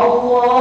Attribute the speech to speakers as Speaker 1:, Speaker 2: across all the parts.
Speaker 1: Allah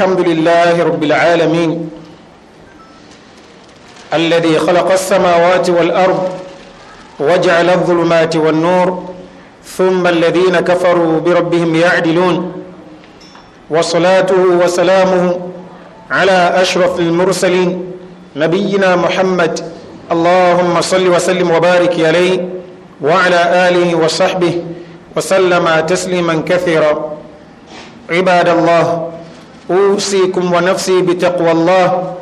Speaker 1: الحمد لله رب العالمين الذي خلق السماوات والأرض وجعل الظلمات والنور ثم الذين كفروا بربهم يعدلون وصلاته وسلامه على أشرف المرسلين نبينا محمد اللهم صل وسلم وبارك عليه وعلى آله وصحبه وسلم تسليما كثيرا عباد الله أوصيكم ونفسي بتقوى الله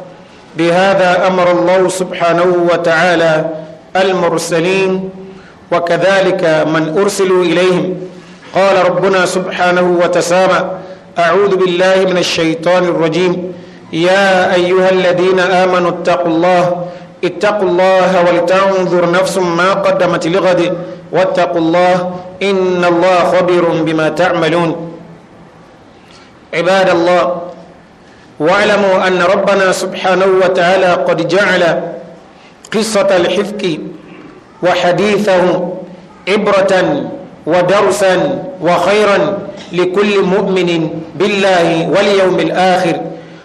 Speaker 1: بهذا أمر الله سبحانه وتعالى المرسلين وكذلك من أرسلوا إليهم قال ربنا سبحانه وتسامى أعوذ بالله من الشيطان الرجيم يا أيها الذين آمنوا اتقوا الله اتقوا الله ولتنظر نفس ما قدمت لغد واتقوا الله إن الله خبير بما تعملون عباد الله واعلموا أن ربنا سبحانه وتعالى قد جعل قصة الحفك وحديثه عبرة ودرسا وخيرا لكل مؤمن بالله واليوم الآخر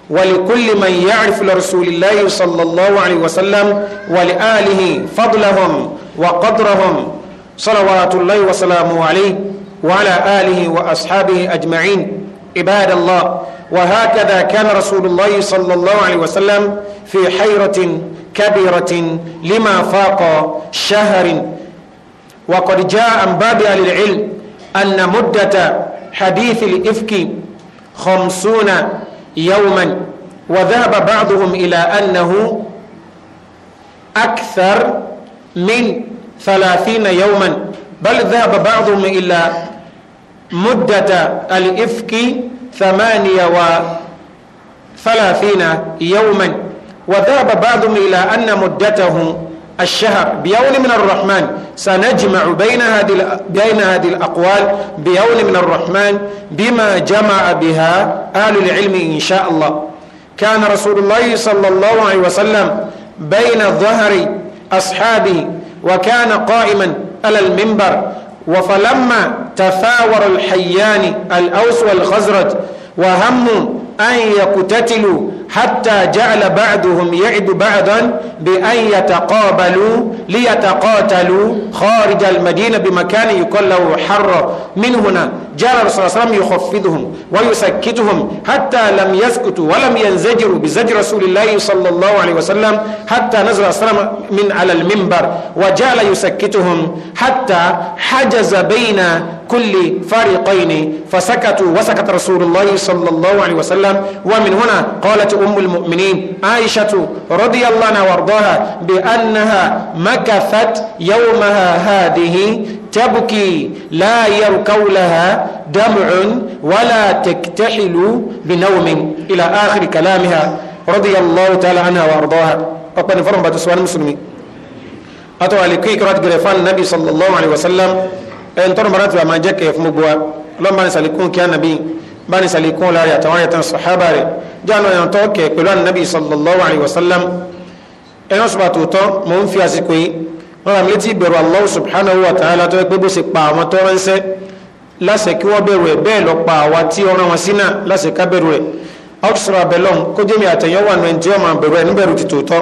Speaker 1: ولكل من يعرف لرسول الله صلى الله عليه وسلم ولآله فضلهم وقدرهم صلوات الله وسلامه عليه وعلى آله وأصحابه أجمعين عباد الله وهكذا كان رسول الله صلى الله عليه وسلم في حيرة كبيرة لما فاق شهر وقد جاء عن باب أهل العلم أن مدة حديث الإفك خمسون يوما وذهب بعضهم إلى أنه أكثر من ثلاثين يوما بل ذهب بعضهم إلى مدة الإفك ثمانية وثلاثين يوما وذهب بعضهم إلى أن مدته الشهر بيول من الرحمن سنجمع بين هذه بين هذه الأقوال بيول من الرحمن بما جمع بها أهل العلم إن شاء الله كان رسول الله صلى الله عليه وسلم بين ظهر أصحابه وكان قائما على المنبر وفلما تفاور الحيان الأوس والخزرج وهم أن يقتتلوا حتى جعل بعضهم يعد بعضا بأن يتقابلوا ليتقاتلوا خارج المدينة بمكان يقال له حر من هنا جعل الرسول صلى الله عليه وسلم يخفضهم ويسكتهم حتى لم يسكتوا ولم ينزجروا بزجر رسول الله صلى الله عليه وسلم حتى نزل صلى الله عليه وسلم من على المنبر وجعل يسكتهم حتى حجز بين كل فريقين فسكتوا وسكت رسول الله صلى الله عليه وسلم ومن هنا قالت أم المؤمنين عائشة رضي الله عنها وارضاها بأنها مكثت يومها هذه تبكي لا يركو لها دمع ولا تكتحل بنوم إلى آخر كلامها رضي الله تعالى عنها وارضاها أقبل فرم بعد سؤال مسلمي أتوا عليكي كرات جريفان النبي صلى الله عليه وسلم ẹn tọrọ mara tura ma jẹ kẹ fún gbogbo wa lọ́n bá ní sàlékún kí anabi bá ní sàlékún lára àtàwọn àyàtàn sàhábà rẹ̀ jáàánú ẹ̀yàn tọ́ kẹ pẹ̀lú anabi sallallahu alayhi wa sallam ẹ̀yàn sọ̀bà tòótọ́ mò ń fi àsìkò yìí wọn àmì létí ìbẹ̀rù Allah subhanahu wa ta'ala tó yẹ pé bó ṣe pa àwọn tó ránṣẹ́ láṣẹ kí wọ́n bẹ̀rù ẹ̀ bẹ́ẹ̀ lọ pa àwa tí ọ̀ràn wọn sínà láṣẹ ká bẹ̀rù ẹ̀ ọ̀ṣọ́ra bẹ̀lọ́n kó jẹ́mi àtẹ̀yẹ́wà nù ẹni tí wọ́n máa bẹ̀rù ẹ̀ níbẹ̀rù ti tòótọ́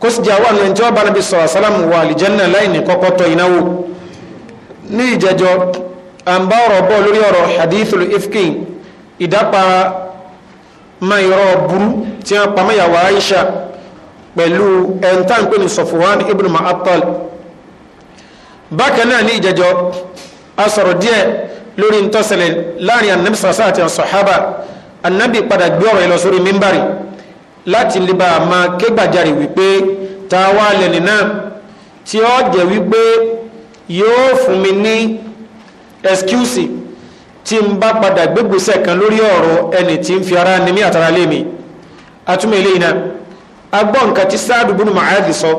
Speaker 1: kó sì jẹ́ àwọn àwọn ẹ̀ntí ọba nàbí sọ̀rọ̀ sálàmù wà àlìjẹ́nà láìní kọ́kọ́ tọ ìnáwó ní ìjẹjọ́ à ń bá ọ̀rọ̀ bọ́ lórí ọ̀rọ̀ hadithul ifki ìdápa máa irọ́ burú tí wọ́n pa mẹ́yàwó Aisha pẹ̀lú ẹ̀ńtàǹpé ní Safwan ibn Ma'attal bákan náà ní ìjẹjọ́ a sọ̀rọ̀ díẹ̀ lórí ntọ́sẹ̀lẹ̀ láàrin anabi sàṣà àti asọ̀hábà láti lè bá a máa ké gbàjarè wípé ta wá lẹ́ni náà tí ó jẹ́ wípé yóò fún mi ní ẹ̀skúsì tí n bá padà gbégbèsè kan lórí ọ̀rọ̀ ẹni tí ń fi ara ni mí àtàrà lé mi atúmọ̀ eléyìí náà agbọ́ nǹkan tí Sa'd ibn Mu'adh sọ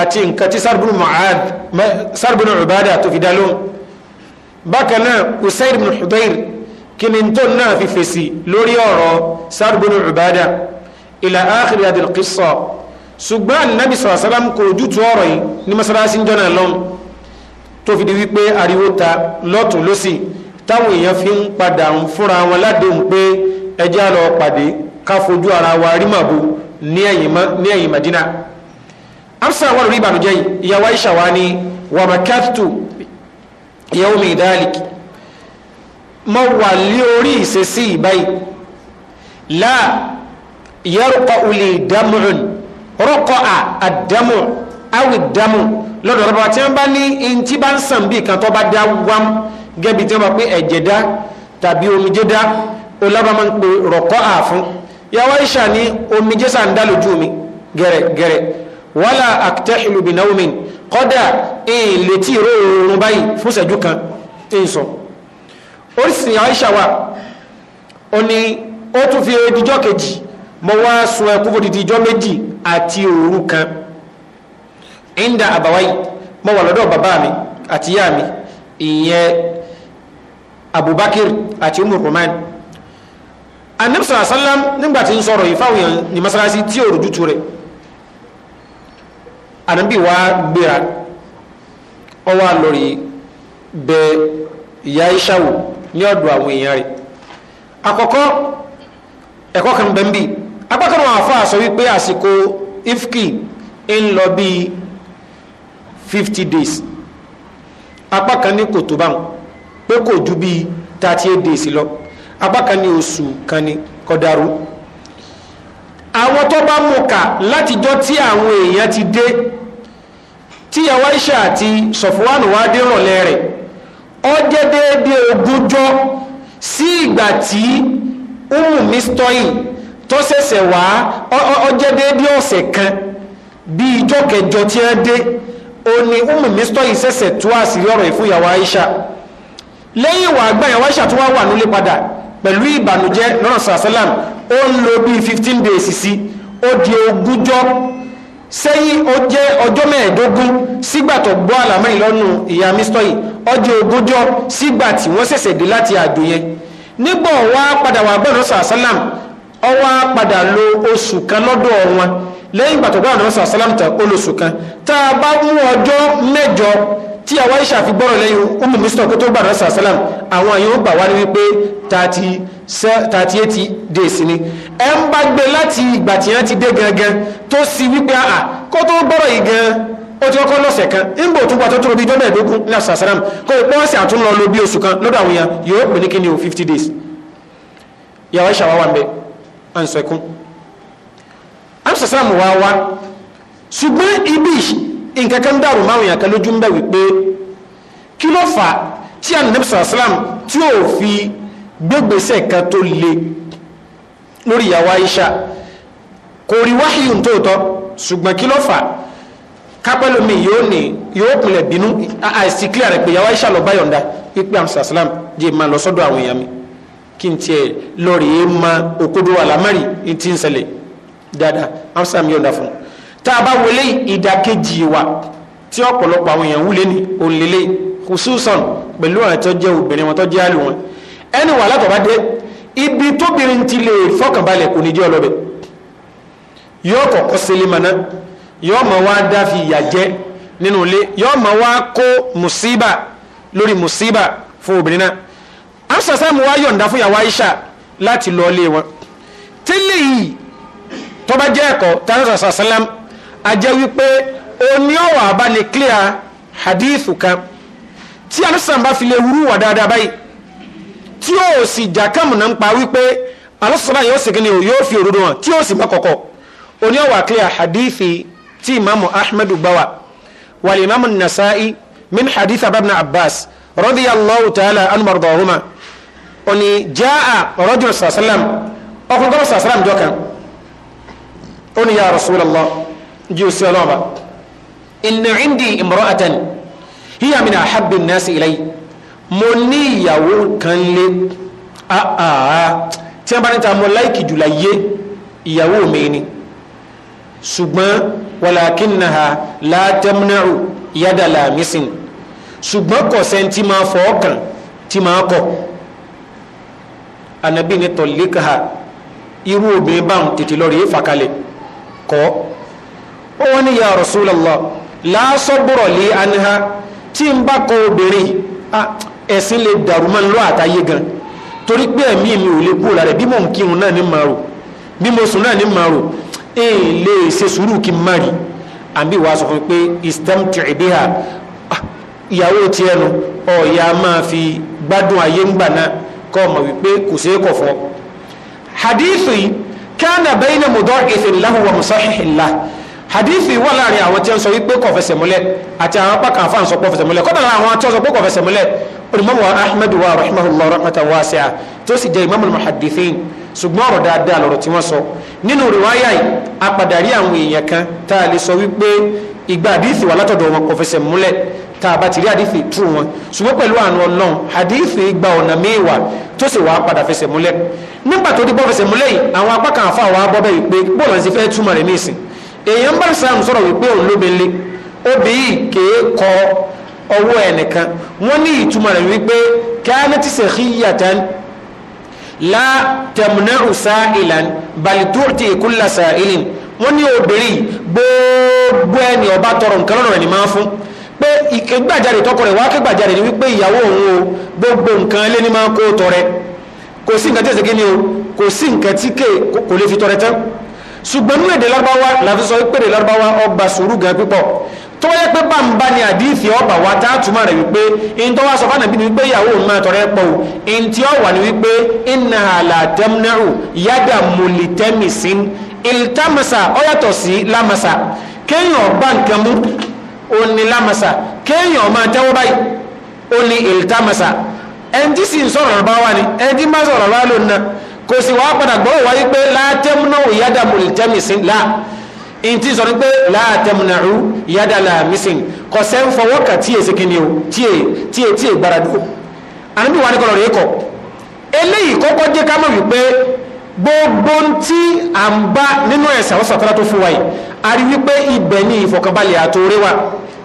Speaker 1: àti nǹkan tí Sa'd ibn Mu'adh Sa'd ibn Ubadah tó fi dá lóhùn bákan náà Usayd ibn Hudayr náà fi fèsì lórí ọ̀rọ̀ Sa'd ibn ila akhir hadhihi alqissa ṣùgbọ́n ànábì sọ̀rọ̀ sálám kò ojútu ọ̀rọ̀ yìí ní mọ́sálásí ń jọ́nà lọ́n tó fi di wípé ariwo ta lọ́tún lọ́sì táwọn èèyàn fi ń padà ń fúnra wọn ládéhùn pé ẹjẹ́ àlọ́ pàdé ká fojú ara wa rí màbo ní ẹ̀yìn madina amsa wọn rí ìbànújẹ́ yìí ìyàwó aisha wa ni wàmàkàtù ìyàwó mi ìdáàlìkì mo wà lé orí ìṣesí ìbáyìí láà yarqa uli damun rọkọa adamu awi damu lọ́dọ̀ rọba tí wọn bá ní ntí bá ń sàn bí kan tó bá dá wam gẹbi tí wọn bá pé ẹ̀jẹ̀ dá tàbí omijé dá olábà máa ń pè rọkọa fún yàwá ìṣà ní omijé sàn dá lójú mi gẹrẹgẹrẹ wàhálà akitahilu binawumin kódà ẹn létí ìrọrùn báyìí fún ṣẹ́jú kan ẹn sọ oríṣiríṣi yàwá ìṣà wa ó ní ó tún fi ojújọ kejì mo wá sun ẹkú fún didi ijọ́ méjì àti òru kan inda àbáwáyì mo wà lọ́dọ̀ bàbá mi àti ìyá mi ìyẹn Abubakar àti Umar Roman anabisa asalam nígbà tí ń sọ̀rọ̀ ìfáwọn èèyàn ní masalasi tí ò rújú tu rẹ̀ anabi wa gbéra ọwọ́ àlọ́rì bẹ ìyá iṣáwò ní ọ̀dọ̀ àwọn èèyàn rẹ̀ àkọ́kọ́ ẹ̀kọ́ kan bẹ́ẹ̀ bíi apákanà àfáà sọ wípé àsìkò ifki ń lọ bí 50 days apákan ní kò tó báwọn pé kò ju bí 38 days lọ apákan ní oṣù kan ní kọdarú àwọn tó bá mú kà látijọ́ tí àwọn èèyàn ti dé tí yàwó Aisha àti Sọ̀fúwánù wá dé rọ̀lẹ́ rẹ̀ ó jẹ́ déédéé ogúnjọ́ sí ìgbà tí umu mistoyin tó ṣẹ̀ṣẹ̀ wá ọjẹ́ déédé ọ̀sẹ̀ kan bí ìjọ kẹjọ tí ó dé o ní umu mistọ́ yìí ṣẹ̀ṣẹ̀ tó àṣírí ọ̀rọ̀ ìfún ìyàwó Aisha lẹ́yìn ìwà àgbà ìyàwó Aisha tó wá wà padà pẹ̀lú ìbànújẹ́ lọ́nà sàṣálàm ó ń lo bí 15 days sí ó di ogúnjọ́ ọjọ́ mẹ́ẹ̀ẹ́dógún sígbà tó gbọ́ ìyá mistọ́ yìí ó di ogúnjọ́ sígbà tí wọ́n ọwọ́ padà lo oṣù kan lọ́dọ̀ wọn lẹ́yìn ìgbà tó bá àwọn ọ̀sán sálámùtà olóṣù kan tá a bá mú ọjọ́ mẹ́jọ tí àwa ìṣà fi lẹ́yìn umu mr kó tó gbà náà sàlám àwọn àyẹ̀wò gbà wá wípé thirty eight days ni ẹ ń bá gbé láti ìgbà tí wọ́n ti dé gangan tó sì wípé àà kó tó gbọ́rọ̀ yìí gan ó ti kọ́kọ́ lọ́sẹ̀ kan nígbà tó gbà tó tó bí dọ́bẹ̀ ìdógún lo bí oṣù kan lọ́dọ̀ àwọn ni fifty days yàrá ìṣàwá à ń sẹkún amsasalam wa wa ṣùgbọ́n ibi nǹkan kan dàrú máwùn yàn kan lójú ń bẹ̀ wípé kí ló fà tí anabi sàlám tí ò fi gbégbèsè kan tó le lórí ìyàwó Aisha kò rí wáhíyù tóòtọ́ ṣùgbọ́n kí ló fà kápẹ́lómi yóò ní yóò pinlẹ̀ bínú àìsí clear rẹ̀ pé ìyàwó Aisha lọ bá yọ̀ǹda pípé amsasalam jẹ́ ìmọ̀ lọ àwọn èèyàn mi kí n tiẹ̀ lọ́ọ̀rì ma òkodo àlámárì ti ń ṣẹlẹ̀ dáadáa amsam yọ̀ǹda fún un tá a bá wọlé ìdàkejì wa tí ọ̀pọ̀lọpọ̀ àwọn èèyàn wúlé ní òǹlélẹ̀ kùsùsàn pẹ̀lú àwọn tó jẹ́ obìnrin wọn tó jẹ́ àlù wọn ẹni wà látọ̀ bá dé ibi tóbìnrin ti lè fọkànbalẹ̀ kò ní jẹ́ ọlọ́bẹ̀ yóò kọ̀kọ́ sílé mọ́ná yóò mọ̀ wá dá ìyà jẹ́ nínú ilé yóò mọ̀ wá kó mùsíbà lórí mùsíbà fún obìnrin náà asàsáàmù wá yọ̀ǹda fún yàwó Aisha láti lọ lé wọn tí lè yìí tó bá jẹ́ ẹ̀kọ́ tààrà sàsálàm a jẹ́ wípé oní ọ̀wà abálẹ̀ clear hadith kan tí alásàn bá fi lè wúrú wà dáadáa báyìí tí ó sì jà kàmù náà ń pa wípé alásàn yóò sì kíni yóò fi òdodo hàn tí ó sì mọ́ kọ̀kọ́ oní ọ̀wà clear hadith tí imaamu ahmedu gbawa wàlẹ̀ imaamu nasa'i min hadith ababna abbas radiyallahu ta'ala anhu mardahuma òní jáà rọ́jò sàṣálàm ọkùnrin kọ́mọ̀ sàṣálàm jọkan ó ní ya Rasulullah jí o sí ọlọ́ọ̀bà inna indi imra'atan hiya min ahabbi an-nasi ilay mo ní ìyàwó kan lé àà ah, ah, tí wọ́n bá ní ta mo láìkì jùlá yé ìyàwó mi ni ṣùgbọ́n walakinnaha la tamna'u yada lamisin ṣùgbọ́n kọ̀sẹ̀ tí máa fọ́ ọkàn tí máa kọ̀ anabi ni tolikha iru obin ban titi lori fakale ko o ni ya rasulullah la sabro li anha tin ba ko obiri ha esin le daru man lo ataye gan tori pe emi mi o le kuro lare bi mo nkiun na ni maro bi mo sun na ni maro e le se suru ki mari ambi wa so fun pe istamti biha ah, ya o ti ya ma fi gbadun aye ngba na kọ́ ọmọ wípé kò sí kọ̀ fún ọ. hadithi kana bayna mudha'ifin lahu wa musahihin lahu hadithi wà láàrin àwọn tí ó ń sọ wípé kò fẹsẹ̀ múlẹ̀ àti àwọn apá kan fáwọn sọ pé fẹsẹ̀ múlẹ̀ kọ́dà lára àwọn tí ó sọ pé kò fẹsẹ̀ múlẹ̀ olùmọ̀mù ahmed wa rahmatulah rahmatan wasi'a tí ó sì jẹ́ imamul muhaddithin ṣùgbọ́n ọ̀rọ̀ dáadáa lọ̀rọ̀ tí wọ́n sọ nínú rìwáyà yìí apàdàrí àwọn èèyàn kan tá a lè sọ wípé ìgbà àdìsí wà látọ̀dọ̀ wọn kò fẹsẹ̀ múlẹ̀ tàbá ti rí àdífì tú wọn ṣùgbọ́n pẹ̀lú àánú ọlọ́run àdífì gba ọ̀nà mẹ́wàá tó sì wàá padà fẹsẹ̀ múlẹ̀ nígbà tó dípọ̀ fẹsẹ̀ múlẹ̀ yìí àwọn apá kan àfa wàá bọ́ bẹ́ẹ̀ pé bọ́ọ̀lù àti fẹ́ túmọ̀ rẹ̀ ní ìsìn èèyàn ń bá sàmù sọ̀rọ̀ wípé òun ló bẹ̀lẹ̀ obì yìí kèé kọ ọwọ́ ẹnìkan wọ́n ní ìtumọ̀ rẹ̀ wípé kánẹ́tì sẹ̀kíyàtàn la tẹ̀mùnẹ́rù ìkégbàjáde tọkọ rẹ̀ wá kégbàjáde ni wípé ìyàwó òun o gbogbo nǹkan lé ní máa kó tọrẹ kò sí nǹkan tí èsèké ni o kò sí nǹkan tí kò lè fi tọrẹ tán ṣùgbọ́n ní èdè lárúbáwá làfi sọ wípé èdè lárúbáwá ọgbà sùúrù gan pípọ̀ tó wáyé pé bàǹbà ni àdífì ọba wa tá a túmọ̀ rẹ̀ wípé in tó wá sọ fún ànàbí ni wípé ìyàwó òun máa tọrẹ pọ̀ o in tí ó wà ní wípé inna àlà dẹ́mnẹ́rù yádà mọ̀lítẹ́mìsín ìlítámàsà ó sí lámàsà kéèyàn ọgbà nǹkan mú onílámasa kéèyàn máa tẹ́wọ́ báyìí ó ní ìlítámasa ẹni tí sì ń sọ̀rọ̀ bá wà ní ẹni tí má sọ̀rọ̀ bá lò ná kò sì wá padà gbọ́ wáyé pé látẹ́múná ìyádà mùlítẹ́mìsín là ń tí sọ ní pé látẹ́múná ìyádà làmísìn kò sẹ́ ń fọwọ́ kà tí èsì kìíní o tí è tí è tí è gbára dúró àníbí wà ní kọlọ̀ rẹ̀ kọ eléyìí kọ́kọ́ jẹ́ ká mọ̀ wípé gbogbo tí a ń bá nínú ẹ̀sẹ̀ àwọn sàtàlá tó fún wa yìí a rí wípé ibẹ̀ ni ìfọ̀kànbalẹ̀ àtòrí wa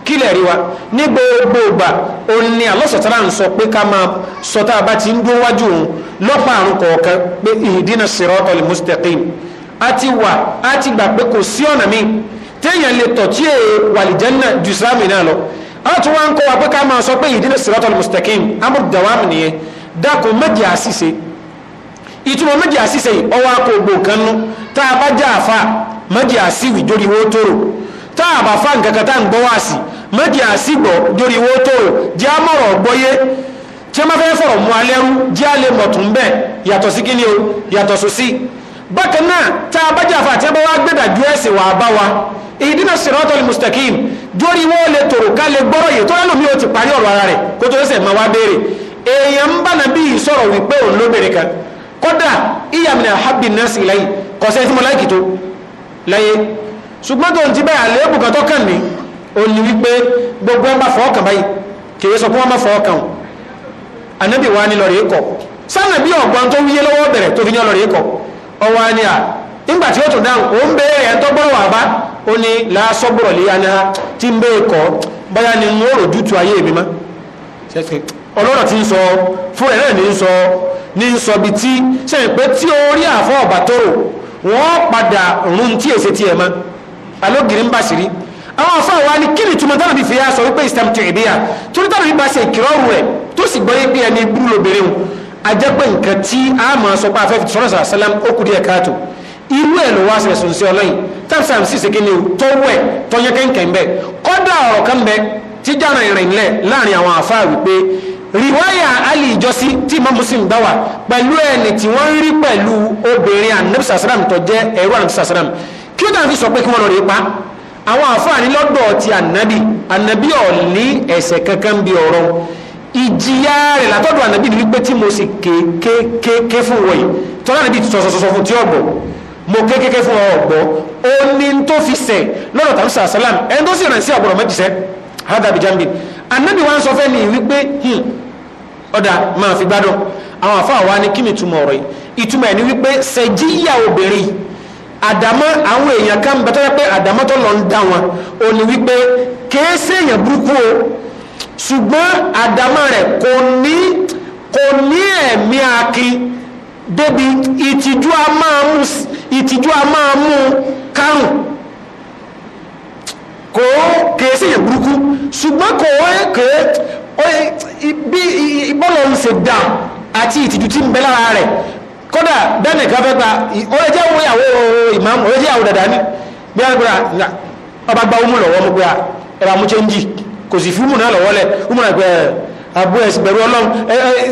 Speaker 1: kílẹ̀ rí wa ní gbogbo ìgbà òun ni àlọ́sọ̀tàlá ń sọ pé ká máa sọtá bá ti ń dún wájú òun lọ́pàá àrùn kọ̀ọ̀kan pé ihdina siratal mustaqim a ti wà a ti gbà pé kò sí ọ̀nà míì téèyàn lè tọ̀ tí èè wàlìjẹ́nà ju sàmì náà lọ a tún wá ń kọ́ wa pé ká máa sọ pé ihdina siratal mustaqim amúdàwámù nìyẹn dákun méjì àṣìṣe ìtumọ̀ méjì àṣìṣe ọwọ́ akọ ògbò kan nú tá a bá já àfa méjì àṣìwì jórí wó tóró tá a bá fa nǹkan kan tá à ń gbọ́ wá sí méjì àṣìgbọ̀ jórí wó tóró jẹ́ àmọ̀rọ̀ ọ̀gbọ́yé tí a máa fẹ́ fọ̀rọ̀ mú alẹ́rú jẹ́ alẹ́ mọ̀tún bẹ́ẹ̀ yàtọ̀ sí kíni o yàtọ̀ sí sí bákan náà tá a bá já àfa àti ẹ bá wá gbẹ̀dàjú ẹ̀sìn wà á bá wa ìdínà siratal mustaqim jórí wọ́n lè tòrò ká lè gbọ́rọ̀ yìí tó lẹ́nu mi ò ti parí ọ̀rọ̀ ara rẹ̀ kó tó ṣẹ̀ máa wá béèrè èèyàn ń bá nàbí sọ̀rọ̀ wípé òun lóbìnrin kan kódà ìyàmìnà àhábì nẹ́sì láyé kọ̀sẹ́ tí mo láìkì tó láyé ṣùgbọ́n tó ń ti báyà lẹ́ẹ̀bù kan tó kàn ní o ní wípé gbogbo ọmọ fọ́ọ̀kàn báyìí kìí sọ fún wọn fọ́ọ̀kàn anábì ni lọ́rọ̀ ikọ̀ sáà bí ọ̀gbọ́n tó wíyé lọ́wọ́ bẹ̀rẹ̀ tó fi ọlọ́rọ̀ tí ń sọ fún ẹ̀rẹ́ ní ń sọ ní ń sọ bí tí sẹ́yìn pé tí ó rí àfọ́ ọ̀bà tóró wọ́n padà rún tí èsè tí ẹ̀ mọ́ alógiri ń bá ṣìrí àwọn afọ àwa ni kí ni túmọ̀ táwọn bí fi yá sọ wípé islam ti ìbíyà torí táwọn bí bá ṣe ìkìrọ̀rù rẹ̀ tó sì gbọ́ pé ẹni burú lóbìnrin o ajẹ́pẹ́ nǹkan tí a máa sọ pé afẹ́fẹ́ sọ́nà sàlám ó kù díẹ̀ káàtó irú ẹ̀ ló wá ṣẹlẹ̀ sùn sí ọlọ́yìn tábìsàm sì ṣe kíni o tọ́wọ́ ẹ̀ tọ́yẹ́kẹ́ńkẹ́ ń bẹ kọ́dà ọ̀rọ̀ kan bẹ tíjà náà lẹ̀ láàrin àwọn afáà wípé riwaya ali ìjọsí tí imam muslim gbà wá pẹ̀lú ẹni tí wọ́n rí pẹ̀lú obìnrin anabisa salam tó jẹ́ ẹ̀rọ anabisa salam kí ó dàbí sọ pé kí wọ́n lọ rí pa àwọn àfáàní lọ́dọ̀ ti anabi anabi ò ní ẹ̀ṣẹ̀ kankan bí ọ̀rọ̀ ìjìyà rẹ̀ látọ̀dọ̀ anabi ni wípé tí mo sì kéékèèké fún wọ̀nyí tọ́lá anabi ti sọ̀sọ̀sọ̀ fún tí ọ̀gbọ̀ mo kéékèèké fún ọ̀gbọ̀ ó ní tó fi sẹ̀ lọ́dọ̀ tàbí sàlám ẹni tó sì rìn sí àbúrò méjì sẹ́ jambi anabi wa ń sọ fẹ́mi wípé hmm, ọ̀dà máa fi gbádùn àwọn àfáà wa ní kí ni ìtumọ̀ ọ̀rọ̀ yìí ìtumọ̀ ẹ̀ ni wípé ṣẹ̀jíyà obìnrin àdámọ́ àwọn èèyàn kan bẹ́tọ́ yẹ pé àdámọ́ tó lọ ń dá wọn ò ní wípé kèé séèyàn burúkú o ṣùgbọ́n àdámọ́ rẹ̀ kò ní kò ní ẹ̀mí akin débi ìtìjú a máa mú ìtìjú a máa mú kárùn-ún kò kèé sí yẹn burúkú ṣùgbọ́n kò wọ́n kèé bí ìbọ́lọ̀ ń ṣe dà àti ìtìjú tí ń bẹ lára rẹ̀ kódà bẹ́ẹ̀ni kan fẹ́ gba ọ̀rẹ́ jẹ́ òun ìyàwó ìmáàmù ọ̀rẹ́ jẹ́ àwọn dàdá ní bí wọ́n gbọ́dọ̀ ọba gba umu lọ́wọ́ mo gbé ẹ̀rọ amú kò sì fún umu náà lọ́wọ́ lẹ̀ umu náà gbẹ abu ẹ̀sìn bẹ̀rù ọlọ́run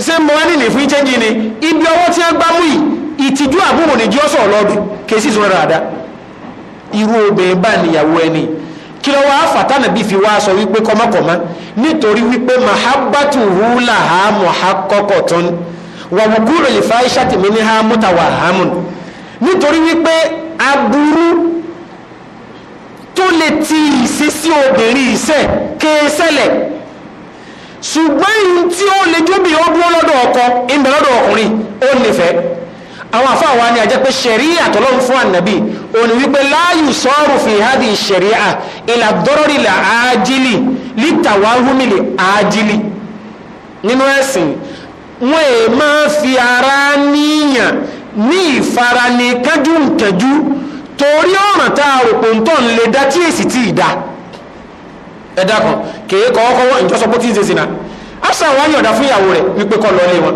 Speaker 1: ṣé mo wá nílé fún chẹ́ńjì ni ibi ọwọ́ tí wọ́n gbá mú yìí ìtìjú àbúrò nìjọ́ sọ̀rọ̀ lọ́dún kèsì ìsúná dáadáa irú obìnrin bá níyàwó ẹni yìí kí lọ wá fàtánà fi wá sọ wípé kọmọkọmọ nítorí wípé mahabbatu hula ha fa tèmi ní ha mutawahhamun nítorí wípé aburú tó lè ti ìṣesí obìnrin iṣẹ́ kéésẹ̀lẹ̀ ṣùgbọ́n tí ó lè jóbi ọdún ọlọ́dọ̀ ọkọ ìbẹ̀lọ́dọ̀ ọkùnrin ó nífẹ̀ẹ́ àwọn afọ àwọn ni àjẹpẹ ṣẹ̀ríà tọ́lọ́run fún ànàbì òní wípé láàyù sọ́ọ̀rù fi hádìí ṣẹ̀ríà ìlà dọ́rọ̀rìlà ájílì lítàwá húmìlì ájílì nínú ẹ̀sìn wọn è máa fi ara níyàn ní ìfarani kájúǹkẹjú torí ọ̀ràn tá a rò pé ń tọ́ ń lè dá tí èsì tí ì dá ẹ̀dá kan kèé kọ́ọ́kọ́ wọ́n ìjọsọ bó ti ń ṣe sí náà àṣà wọn yọ̀dá fún ìyàwó rẹ̀ wípé kọ́ lọ́ọ́lé wọn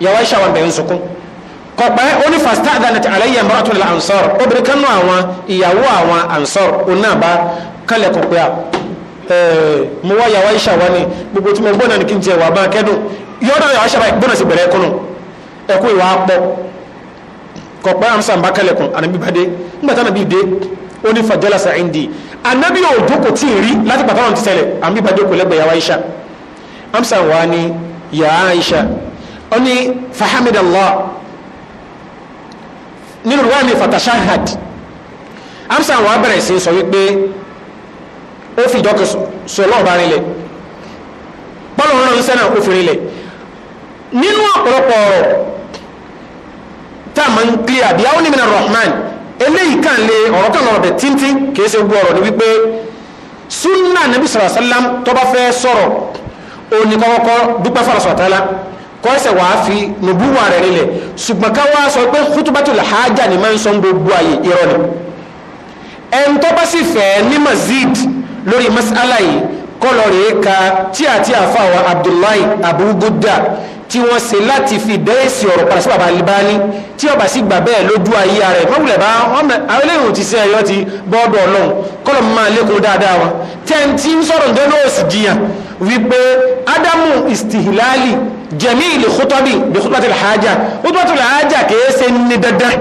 Speaker 1: ìyàwó kọ̀pẹ́ ó ní fasta adanat alayya maratu lil ansar obìnrin kan náà àwọn ìyàwó àwọn ansar onáàbá kálẹ̀ kọ̀pẹ́ à mo wá yàwá iṣẹ́ wa ni gbogbo tí mo gbọ́nà ní kí n tiẹ̀ wà bá kẹ́dùn yọ́dọ̀ yàwá iṣẹ́ wa gbọ́nà sí bẹ̀rẹ̀ kọ́nù ẹ̀kú ìwà pọ̀ kọ̀pẹ́ amsa ń bá kálẹ̀ kùn ànàbí bàdé nígbà tí ànàbí dé ó sàìndì ànàbí ò dúkò tí ì rí láti pàtàkùn ti tẹ̀lẹ̀ ànàbí bàdé kò lẹ́gbẹ̀ẹ́ yàwá iṣẹ́ amsa ni yàwá iṣẹ́ ó ní fahamidallah nínú ìwé mi fatashahad amsa àwọn abẹ̀rẹ̀ sí sọ wípé ó fi ìjọ sọ lọ́ọ̀bá rinlẹ̀ bọ́ọ̀lù ọ̀rọ̀ ń sẹ́nà ó fi rinlẹ̀ nínú ọ̀pọ̀lọpọ̀ ọ̀rọ̀ tá a máa ń clear àbí àwọn rahman eléyìí kan lè ọ̀rọ̀ kan lọ́rọ̀ bẹ̀ tíntín kìí ṣe gbọ́ ọ̀rọ̀ ni wípé sunna nabi sallallahu alaihi wasallam tó bá fẹ́ sọ̀rọ̀ òní kọ́kọ́ dúpẹ́ fọ́lọ́sọ̀tẹ́lá kọ́sẹ̀ wàá fi nùbúwà rẹ̀ nílẹ̀ ṣùgbọ́n ká wá sọ pé kútùbátù làhájà ni máa ń sọ gbogbo ayé irọ́ ni ẹn tó bá sì fẹ́ ní mazid lórí masala yìí rèé ka tí àti àfa wa Abdullahi Abu Gudda tí wọ́n ṣe láti fi dẹ́ẹ̀sì ọ̀rọ̀ padà sí bàbá Albani tí ọba sì gbà bẹ́ẹ̀ lójú ayé rẹ̀ mọ́wùlẹ̀ bá àwọn eléyìí ò ti sẹ́ ẹ̀yọ́ ti bọ́ọ̀dọ̀ ọlọ́run kọ́lọ̀ máa lékun dáadáa wa tẹ́ǹtì ń sọ̀rọ̀ ǹjẹ́ náà sì jiyàn wípé ádámù istihlali jẹ̀mí ìlú kútọ́bì bí kútọ́bì hajà kútọ́bì hajà kìí ṣe ní dandan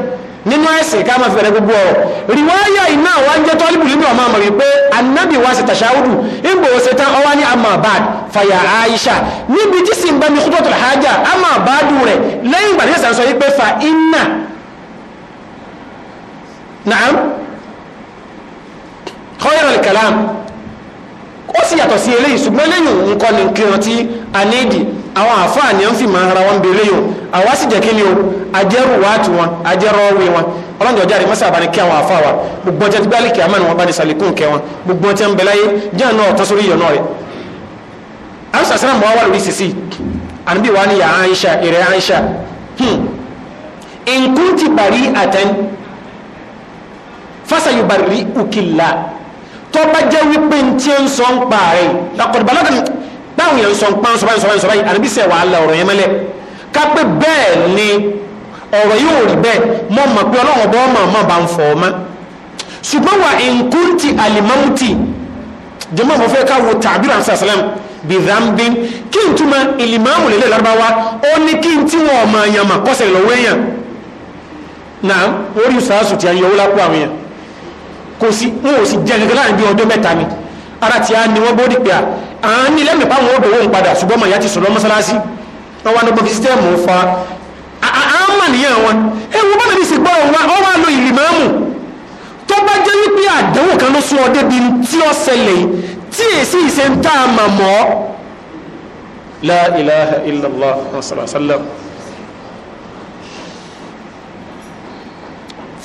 Speaker 1: nínú ẹ̀sìn ká máa fi bẹ̀rẹ̀ gbogbo ọ̀rọ̀ rìwáyà iná wa ń jẹ́ tọ́líbù líbù ọmọ àmọ̀ wípé anábì wa ṣe tàṣáwùdù ìgbò ṣe tán ọwá ní amabad fàyà aisha níbi tí sì ń bá ní kútọ́tù hajjá amabadu rẹ̀ lẹ́yìn ìgbà tí sàn sọ wípé fa iná naam kọ́yọ̀rọ̀ kalam ó sì yàtọ̀ sí eléyìí ṣùgbọ́n lẹ́yìn nǹkan nìkan tí a nídìí àwọn àfáà ni wọ́n fi máa ara wọn bèèrè yòó àwa sì jẹ́ kí ni o ajẹ́rù wá tu wọn ajẹ́rọ wí wọn ọlọ́dún ọjà mọ́sá bá kí àwọn àfáà wa gbogbo ọjà tí gbálẹ̀ kí a máa ní wọn bá ní sàlékún kẹ wọn gbogbo ọjà ń bẹ láyé jẹ́ àná ọ̀tọ́ sórí ìyọ̀nà rẹ̀ àwọn sàṣẹ́nà mọ́ wà lórí sisi àníbí wa ni yà Aisha ìrẹ́ Aisha hmm. in kunti bari àtẹn fásayù bari ukìlá tọ́ba jẹ́ wípé ntí ń sọ ń pa báwọn yẹn sọ nǹkan sọ báyìí sọ báyìí sọ báyìí àdébí sẹ̀ wàá la ọ̀rọ̀ yẹn mẹ́lẹ̀ kápẹ́ bẹ́ẹ̀ ni ọ̀rọ̀ yìí ò rí bẹ́ẹ̀ mọ́ mọ̀ pé ọlọ́run ọba ọmọ ọmọ bá ń fọ ọmọ ṣùgbọ́n wà nkúntì àlìmọ́mùtì jẹ́mọ́ mọ́ fẹ́ káwọ tàbírà sàlám bí dàmbí kí n túmọ̀ ìlìmọ́mù lélẹ̀ lárúbáwá ó ní kí n tí wọn ọmọ yẹn kọ́sẹ̀ lọ́wọ́ èèyàn ara ti a ni wọ́n bóódì pé à ń ní lẹ́mìí páwọn odò wọn padà ṣùgbọ́n màá yá ti sọ̀rọ̀ mọ́sálásí wọn wá lọ́gbọ́n sísítẹ́ẹ̀mù fa à ń mà nìyẹn wọn ẹ wo bọ́lá ní sì gbọ́ wa ọ wá lo ìlìmọ́ọ̀mù tó bá jẹ́ wípé àdéhùn kan ló sún ọ débi tí ó ṣẹlẹ̀ tí èsì ìṣe ń tá mà mọ́ la ilaha illallah wasallam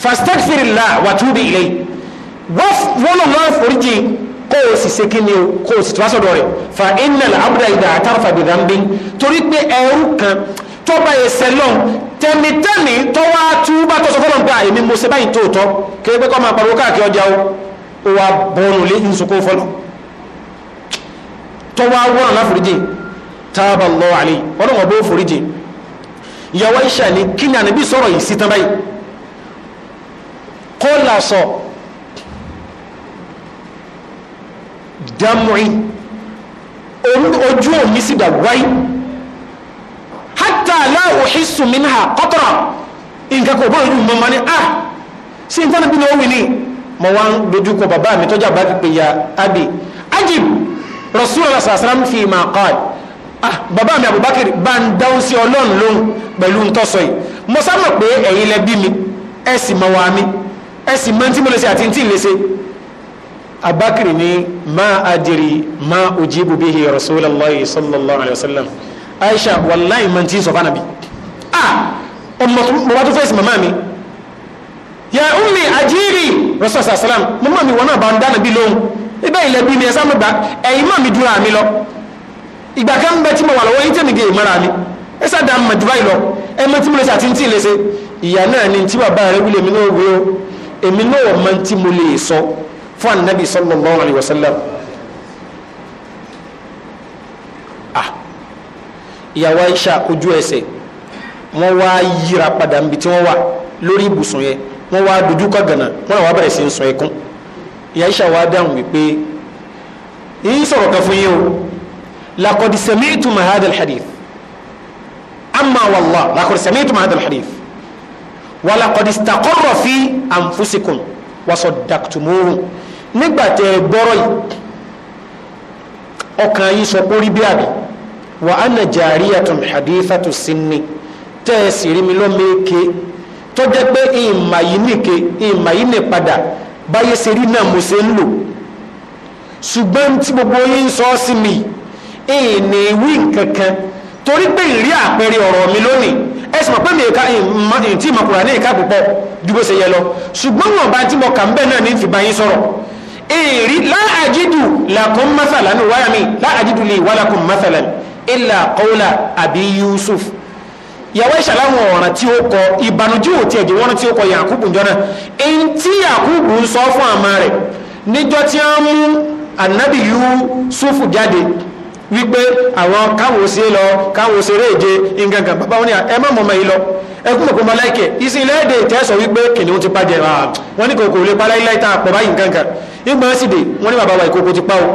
Speaker 1: wọ́n lọ́wọ́ foríjì kó o sì ṣe kíni o kó o sì tún aṣọ́dọ̀ rẹ̀ fa innal abda idha atarafa bi dhanbin torí pé ẹrú kan tó bá yẹ sẹlọ́n tẹ̀mítẹ́ni tó wá túbà tó sọ fọlọ́n pé àyèmí mo ṣe báyìí tóòtọ́ kéré pé kọ́ máa pariwo káàkiri ọjà o ó wá bọ́ọ̀nù lé nsukó fọlọ́ tó wá wọ́n aláforíjì tábà lọ́ àlè ọlọ́wọ́ bó foríjì ìyàwó ìṣàlẹ̀ kí ni ànábì sọ̀rọ̀ yìí sí tán báyìí kó làṣọ jam'i ojú òní sì dàgbáyé hátà láwò hísù mi náà kọ́tọ̀rọ̀ nǹkan kò bọ́ọ̀lù mọ́ ma ní à ah, sí n tánà bí ní òwì ní mọ̀ wá ń dojú kọ bàbá mi tọ́jà bá pè ya abi ajib rasulullah sàásàrám fi ma qal ah bàbá mi abubakar bá ń dáhùn sí ọlọ́run lóhun pẹ̀lú ń tọ́sọ yìí mo sábà pé ẹ̀yin lẹ bí mi ẹ sì mọ̀ wá mi ẹ sì mọ̀ tí mo lè ṣe àti tí ì lè ṣe abakiri ni ma adiri ma ujibu bihi rasulallah sallallahu alaihi wasallam aisha wallahi man ti sọfana bi a ọmọ tó fẹsí mama mi ya ummi ajiri rasulallah sallam mama mi wọn náà bá ń dáná bí lóhun ibẹ̀ ilẹ̀ bí mi ẹ sáà mo gbà ẹ̀yin mọ̀ mi dúró àmì lọ ìgbà kan bẹ tí mo wà lọ́wọ́ yín tẹ̀mí gé ìmọ̀ra mi ẹ sáà dá mọ̀ dubai lọ ẹ mọ̀ tí mo lè ṣe àti ní tí ì lè ṣe ni tí bàbá rẹ wílé mi náà wí o èmi náà mọ̀ mo lè So fún anabi sallallahu alayhi wa sallam ah ìyàwó aisha ojú ẹsẹ̀ wọ́n wá yíra padà níbi tí wọ́n wà lórí ibùsùn yẹn wọ́n wá dojú kọ gànà wọ́n náà wá bẹ̀rẹ̀ sí ń sọ ẹkún ìyá aisha wá dáhùn wípé yìí sọ̀rọ̀ kan fún yín o laqad sami'tu ma hadha hadith amma wallah laqad sami'tu ma hadha hadith wa laqad istaqarra fi anfusikum wa saddaqtumuhu nígbàtẹ̀ gbọ́rọ̀ yìí ọkàn yìí sọ pórí bí àbí wà á nà jàríyàtùn hadithatu sinni tẹ́ ẹ sì rí mi lọ́mẹ́ẹ̀kẹ́ tó jẹ́ pé ìmà yìí nìke ìmà yìí nì padà báyé ṣe rí náà mo ṣe ń lò ṣùgbọ́n tí gbogbo yín ń sọ sí mi ìní ìwí nkankan torí pé ìrí àpẹẹrẹ ọ̀rọ̀ mi lónìí ẹ mọ̀ pé mi ìka tí ìmọ̀kùnrin ní ìka púpọ̀ ju ṣe yẹ lọ ṣùgbọ́n wọn bá tí mo kà ń bẹ̀ náà ní ìfìbá sọ̀rọ̀ èrí láàjídù làkún masalan wáyà mi láàjídù lè wà lákún masalan ilà kọ́ọ̀là àbí Yusuf yàwó ìṣàláwọn ọ̀ràn tí ó kọ ìbànújẹ́ òtí ẹ̀jẹ̀ wọn tí ó kọ Yakubu jọ náà èyí tí Yakubu ń sọ fún àmà rẹ̀ níjọ́ tí wọ́n mú anabi Yusufu jáde wípé àwọn káwọn sí lọ káwọn seré èje ngangan bàbá wọn ni ẹ má mọ̀mọ́ yìí lọ ẹkún mọ̀kún mọ̀láìkẹ̀ ìsìn ilẹ̀ èdè wípé kìnìún ti wọn kòkòrò lè báyìí ngangan sì dé wọn ni bàbá wa ti pa o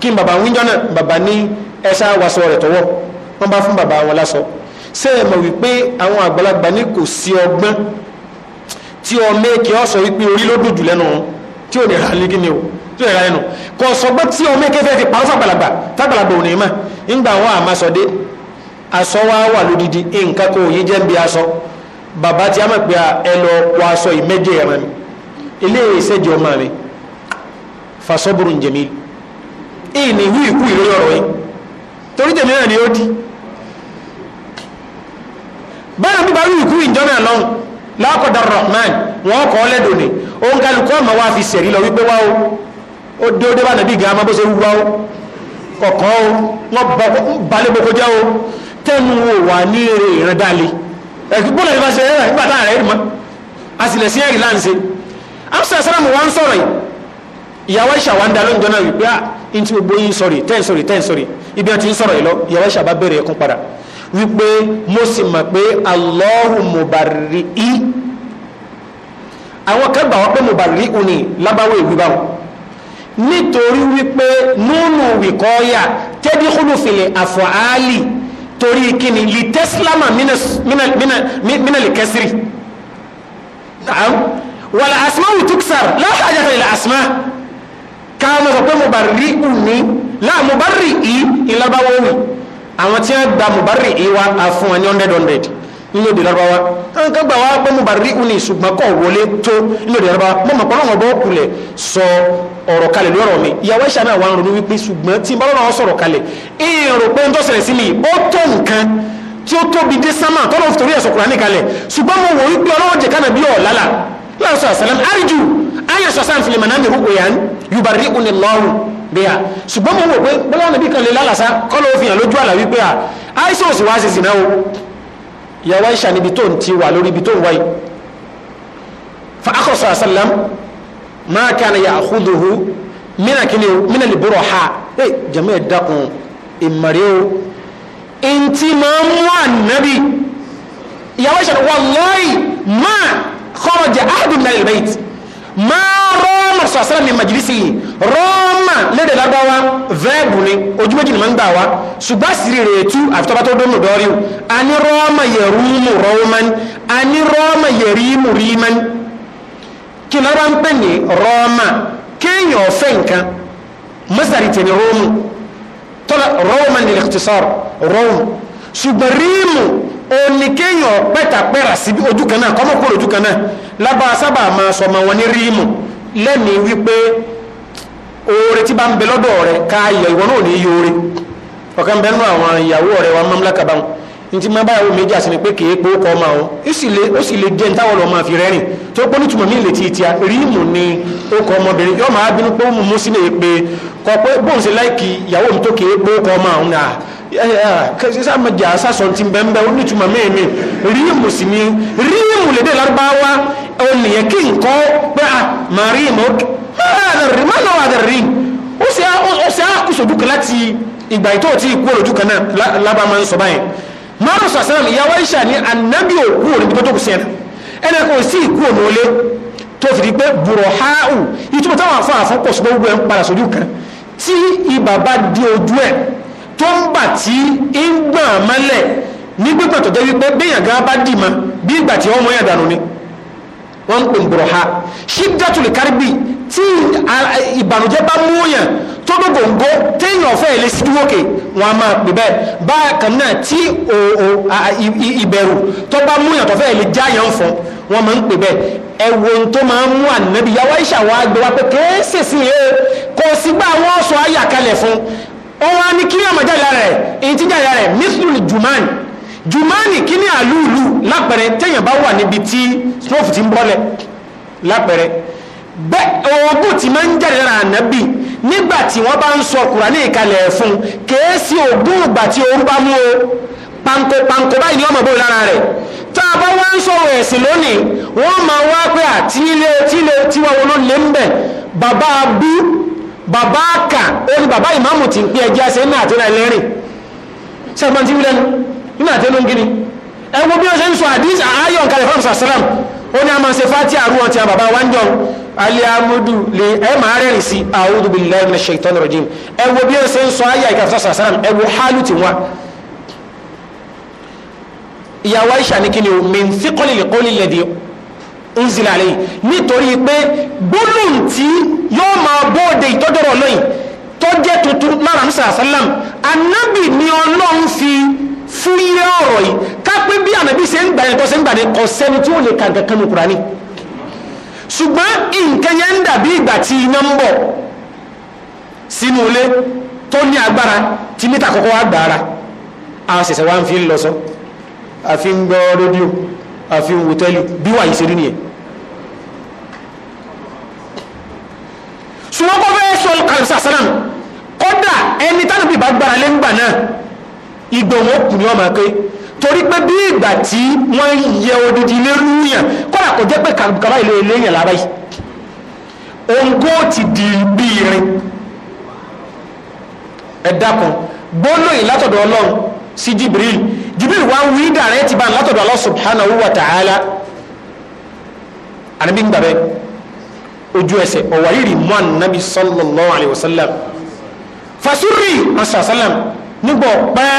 Speaker 1: kí bàbá ń jọ́nà bàbá ní ẹ̀sà wàsọ rẹ̀ tọwọ́ wọn bá fún bàbá wọn lásọ ṣé ẹ tó yẹra nínú kò sọgbọ́ tí ọmọ ẹkẹ fẹ́ fi parọ́ fàgbàlagbà fàgbàlagbà ò ní mà ńgbà wọn àmà sọ dé aṣọ wa wà lódìdí nǹkan kò yí jẹ́ ń bi asọ bàbá tí a mọ̀ pé ẹ lọ asọ aṣọ mi ilé ọmọ mi fasọ́bùrù ń jẹ̀mí ọ̀rọ̀ yìí torí jẹ̀mí náà ni ó di báyọ̀ bí báyọ̀ ìjọba lọ́hùn Rahman wọn kọ́ ni ó dé ó dé bá nàbí gàmá bó ṣe wúwa ó kọ̀kọ́ ó wọ́n balẹ̀ boko jẹ́ ó tẹ́nu wò wà ní eré ìran dálé ṣe ẹ̀rọ ìgbà táà rẹ̀ mọ́ a sì lẹ̀ sí ẹ̀rì láǹṣe wa ń sọ̀rọ̀ ìyàwó ìṣà wa ń darí oúnjẹ náà wípé ah, nti ń gbogbo yín sọ̀rọ̀ tẹ́ ń sọ̀rọ̀ tẹ́ ń sọ̀rọ̀ ibi àti ń sọ̀rọ̀ lọ ìyàwó ìṣà bá bẹ̀rẹ̀ ẹkún padà wípé mo sì mọ̀ pé àwọn wọn pé nítorí wípé núnú wìkọ́ọ́yà tẹ́bí kúlùfìlẹ̀ àfọ̀álì torí kíni lè tẹ́sílámà mínàlì kẹsìrì wàlá asmá wùtúksàr láhàjá kan ilẹ̀ asmá káàmù sọ pé mubarri uni láà mubarri i ìlàbáwọ̀ wù àwọn tí wọ́n gba mubarri i wa àfún wọn ní 100 100 nílò èdè larabawa nǹkan gbà wá pé mo bá rí uni ṣùgbọ́n kọ̀ wọlé tó nílò èdè larabawa mo mọ̀ pé ọlọ́run ọba òkùnlẹ̀ sọ ọ̀rọ̀ kalẹ̀ lórí ọ̀rọ̀ mi ìyàwó ẹ̀ṣà náà wà ń ronú wípé ṣùgbọ́n tí bọ́lá náà sọ̀rọ̀ kalẹ̀ ìrò pé ń tó ṣẹlẹ̀ sí mi ó tó nǹkan tí ó tóbi dé sánmà tọ́lọ́ fi torí ẹ̀sọ̀ Kùránì kalẹ̀ ṣùgbọ́n mo wò wípé ọlọ́run jẹ̀ kánà bí ọ̀lálà láàrín sọ̀rọ̀ sàlám àríjù ayé sọ̀rọ̀ sàn fìlẹ̀ mọ̀nà mi rúkú yàn yùbàrí òní lọ́rùn bí a ṣùgbọ́n mo wò pé bọ́lá nàbí kan lè lálàsá kọ́lọ́ fi hàn lójú àlà wípé a àìsàn òsì wá ṣe sì náà o yàrá ìṣà níbi tó ń ti wà lórí ibi tó ń wáyé fa akọsọ asalam máa kana yà àkúdòhu mina kini o mina lè bọrọ ha ẹ jama ẹ dákun ìmàrí o ntí máa mú ànábì yàrá ìṣà wàlláhi máa kharaja ahadun min al-bayt máa rọ́ọ̀mà sọ̀sẹ́lẹ̀ mi majlisi rọ́ọ̀mà lédè lágbá vẹ́ẹ̀bù ni ojú méjì ni máa ń gbà wá ṣùgbọ́n àṣírí rẹ̀ tú àfitọ́bá tó dómù dọ́rí a ní rọ́ọ̀mà yẹ̀rú mù rọ́ọ̀mán a ní rọ́ọ̀mà yẹ̀rí mù rímán kí lọ́wọ́ ń pè ní rọ́ọ̀mà kéèyàn ọ̀fẹ́ nǹkan mọ́sàrì tẹ̀lé rọ́ọ̀mù tọ́lá rọ́ọ̀mà ní lẹ́kítọ́sọ́r rọ́ọ̀mù ṣùgbọ́n rímù òní kéèyàn pẹ́ta pẹ́ra sí ojú kan náà kọ́mọ́kúrò ojú kan náà lábàá sábà máa sọ ọmọ wọn ní rímù lẹ́mìí wípé oore tí bá ń bẹ lọ́dọ̀ rẹ̀ ká ìwọ náà ní yọ oore ọ̀kan bẹ́ẹ̀ nù àwọn ìyàwó ọ̀rẹ́ wa mamlaka bá wọn ntí máa báyàwó méjì àti ní pé kèé pé ó kọ́ ọmọ àwọn ó sì lè jẹ́ ntáwọ̀ lọ́ọ́ máa fi rẹ́rìn tó pọ́ nítumọ̀ mí lè a rímù ni ó kọ́ ọmọbìnrin yóò máa bínú pé ó mú mú sílẹ̀ pé kọ́ pé bóun ṣe láìkì ìyàwó mi tó kèé pé ó kọ́ ọmọ àwọn náà sísá mẹjà sásọ ti bẹ́ẹ̀ ó nítumọ̀ mí mi rímù sì ni rímù lédè lárúbáwá ó nìyẹn kí nǹkan pé a máa rímù ó kì í ìgbà ìtò tí ikú olójú kan náà lábá máa ń sọ báyìí márùn sàsánàmù ìyàwó ìṣà ní anábì òkú òní tó tó kù sí ẹ̀nà ẹnì kan sí ikú òní olé tó fi di pé bùrọ̀háù ìtumọ̀ táwọn afọ àfọ pọ̀ ṣùgbọ́n gbogbo ẹ̀ ń padà sójú kan tí ibà bá di ojú ẹ̀ tó ń bà tí ń gbọ̀n mọ́lẹ̀ ní gbígbà tó jẹ́ wípé béèyàn gan bá dì mọ́ bí ìgbà tí wọ́n mọ́ yàdànù ni wọ́n ń pè bùrọ̀há ṣídàtúlì káríbì tí ìbànújẹ́ bá mú yàn tó bó gbòǹgbò téèyàn ọ̀fẹ́ ilé sí dúwókè wọn a máa pè bẹ́ẹ̀ bákan náà tí ìbẹ̀rù tó bá mú yàn tó fẹ́ ilé jáyàn fún wọn máa ń pè bẹ́ẹ̀ ẹ̀wò tó máa ń mú ànábì yàwó ìṣàwọ̀ àgbẹ̀ wa pé kéésì sí i kò sígbà wọn sọ ayà kalẹ̀ fún ó wá ní kí ọmọ jáde rẹ̀ èyí tí jáde rẹ̀ mísùlùmí jùmán jùmánì kí ní àlúùlù lápẹ̀rẹ̀ téèyàn bá wà níbi tí snow ti ń bọ́lẹ̀ lápẹ̀rẹ̀ ogún ti máa ń jáde lára ànábì nígbà tí wọ́n bá ń sọ Kùránì ìkalẹ̀ fún kèésì ogún ìgbà tí o panko panko báyìí ni wọ́n mọ̀ bóyá lára rẹ̀ tá a bá wá ń sọ̀rọ̀ ẹ̀sìn lónìí wọ́n máa wá pé tílé tiwa wo lé ń bẹ̀ bàbá bú bàbá kà ó bàbá ìmáàmù tí ń pín ẹjẹ́ ní ẹlẹ́rìn nínú gíní ẹ wo bí wọ́n a máa ṣe aliamudu lè ẹ máa rẹ́rìn sí a'udhu billahi minash shaitanir rajim ẹ wo bí ẹ ṣe ń sọ ayé àìkàtà sàṣàrà ẹ wo hálù tí wọn ìyàwó aisha ní kíni o min síkọ́lì lè kọ́lì lẹ́dí unzila alayhi nítorí pé gbólóhùn tí yóò máa bóde ìtọ́jọ́rọ̀ lọ́yìn tó jẹ́ tuntun lára ní sàlám anábì ni ọlọ́run fi fúyẹ́ ọ̀rọ̀ yìí ká pé bí anábì ṣe ń gbà ṣùgbọ́n nǹkan yẹn ń dàbí ìgbà tí iná ń bọ̀ sínú ilé tó ní agbára tí mítà kọ́kọ́ wá gbàára àwọn ṣẹ̀ṣẹ̀ wá ń fi ń lọ sọ àfi ń gbọ́ rédíò àfi ń wòtẹ́lì bí wàyí ṣe rí nìyẹn ṣùgbọ́n kọ́ fẹ́ sọ kàrìsà sálàmù kódà ẹni tánàbí bá gbára lé ńgbà náà ìgbọ̀n wọn kù ní ọmọ pé torí pé bí ìgbà tí wọ́n yẹ odidi ilé rúyàn kọ́nà kò jẹ́ pé kàbá ilé eléyàn lára yìí òǹkó ti di bí irin ẹ̀dá kan gbólóyìn látọ̀dọ̀ ọlọ́run sí Jibril Jibril wá ń wí dàrẹ́ ti bá látọ̀dọ̀ Allah subhanahu wa ta'ala àníbí ń gbàbẹ́ ojú ẹsẹ̀ ọ̀wárìrì mọ́ ànábi sallallahu alayhi wa sallam fasurri sallam nígbà pẹ́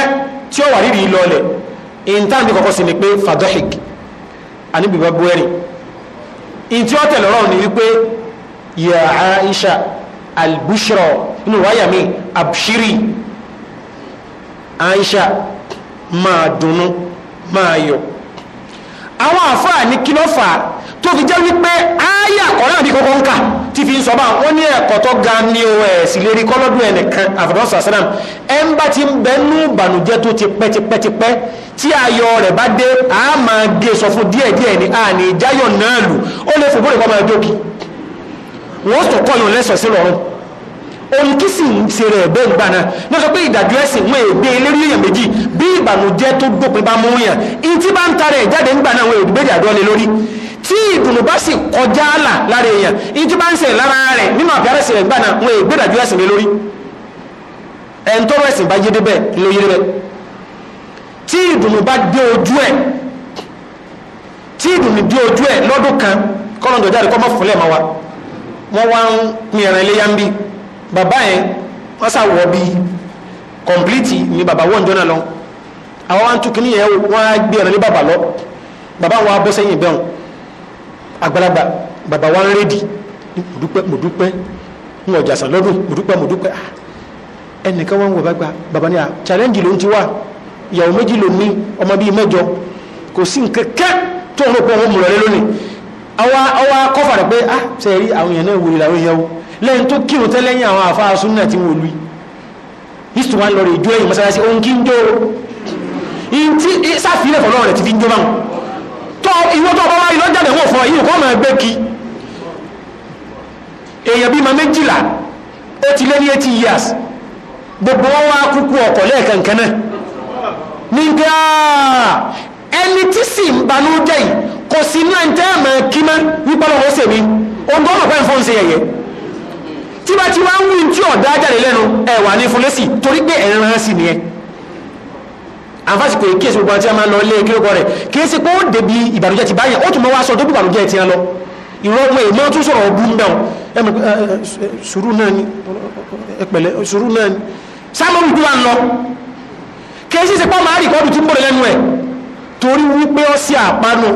Speaker 1: tí ọ̀wárìrì lọ́ọ̀lẹ̀ ìntàn bí kọ́kọ́ sí ni pé fadohik aníbìbá buwẹ́rì ìntí ó tẹ̀lé ọ̀rọ̀ ni wípé ya Aisha albushra inú wáyà abshiri Aisha máa dunnú máa yọ̀ àwọn àfáà ní kí ló fà tó fi jẹ́ wípé ááyà kọ̀ọ̀rán àbí kọ́kọ́ ń kà tí fi ń sọ báà wọ́n ní ẹ̀kọ́ tó ga ní o ẹ̀ sì lè rí kọ́lọ́dún ẹ̀ nìkan àfọ̀dọ́sà sẹ́nà ẹ̀ ń bá ti ń bẹ nú ìbànújẹ́ tó ti pẹ́ ti pẹ́ ti pẹ́ tí ayọ̀ rẹ̀ bá dé a máa gé sọ fún díẹ̀ díẹ̀ ní àní ìjáyọ̀ náà lù ó lè fò bóde kọ́ máa jókì wọ́n tó kọ́yọ̀ lẹ́sọ̀ sí lọ́rùn ohun kí sì ń ṣe rẹ̀ bẹ́ẹ̀ gbà náà ló sọ pé ìdájọ́ ẹ̀sìn wọn èdè eléré èèyàn méjì bí ìbànújẹ́ tó dópin bá mú yàn ìtí bá ń tarẹ̀ jáde ńgbà náà wọn èdè méjì lé lórí tí ìdùnnú bá sì kọjá àlà lára èèyàn ìdí bá ń sẹ̀ lára rẹ̀ nínú àbíárẹ̀ sí rẹ̀ gbà náà wọn ègbé dàjú ẹ̀sìn mi lórí ẹ̀ń tọ́rọ ẹ̀sìn bá yé débẹ̀ ló yé débẹ̀ tí ìdùnnú bá dé ojú ẹ̀ tí ìdùnnú dé ojú ẹ̀ lọ́dún kan kọ́nà jọjá rẹ̀ kọ́ mọ́ fúnlẹ̀ máa wa wọ́n wá ń pin ẹ̀ràn ilé yánbí bàbá yẹn wọ́n sà wọ́ bí kọ̀m̀plìtì ni bàbá wọ́n jọ́nà lọ àwọn wa ń tukì níyẹn wọ́n á gbé ẹ̀ràn ilé bàbá lọ bàbá wọn á bọ́ sẹ́yìn bẹ́ẹ̀ àgbàlagbà bàbá wa ń rédì mo dúpẹ́ mo dúpẹ́ ń ọjà sàn lọ́dún mo dúpẹ́ mo dúpẹ́ ah, ẹnìkan wọn wọ bàgbà bàbá ni à challenge ló ń ti wà ìyàwó méjì ló ní ọmọ bíi mẹ́jọ kò sí nǹkan kẹ́ tó ń rò pé òun múlò rẹ lónìí àwa àwa kọ́fà rẹ̀ pé ah ṣe rí àwọn èèyàn náà wòlé làwọn èèyàn o lẹ́yìn tó kírun tẹ́lẹ́yìn àwọn àfa súnà tí wọ́n lu yìí tó wà lọ rè jó tó ìwọ tó ọba wa iná jáde wò fún ọ yìí kó máa gbé kí èèyàn bíi ma méjìlá ó ti lé ní eighty years gbogbo wọn wá kúkú ọkọ lẹ́ẹ̀kan kan náà ní gbà ẹni tí sì ń banú jẹ́ yìí kò sí ní ẹni tẹ́ ẹ̀ máa kí mọ́ wípé ọlọ́wọ́ sèmi ohun tó wọ́n pẹ́ fún un ṣe yẹ̀yẹ́ tí bá ti wá ń wí tí ọ̀dá jáde lẹ́nu ẹ̀ ní fúnlẹ́sì torí pé ẹ̀ ń nìyẹn àǹfààsì pé kíyèsí gbogbo àti àmà lọ lé kírókọ rẹ̀ kíyèsí pé ó débi ìbànújẹ́ ti báyàn ó tún mọ́ wá sọ dókù ìbànújẹ́ ti hàn lọ ìrọ́gbọ́n èmọ́ tún sọ̀rọ̀ ọ̀bú ń bẹ̀ ẹmọ sùúrù náà ni ẹpẹ̀lẹ́ sùúrù náà ni sámọ́rù tó wà ń lọ kíyèsí sí pọ́ máa rìkọ́dù tí ń bọ̀rẹ̀ lẹ́nu ẹ̀ torí wípé ó sí àpánu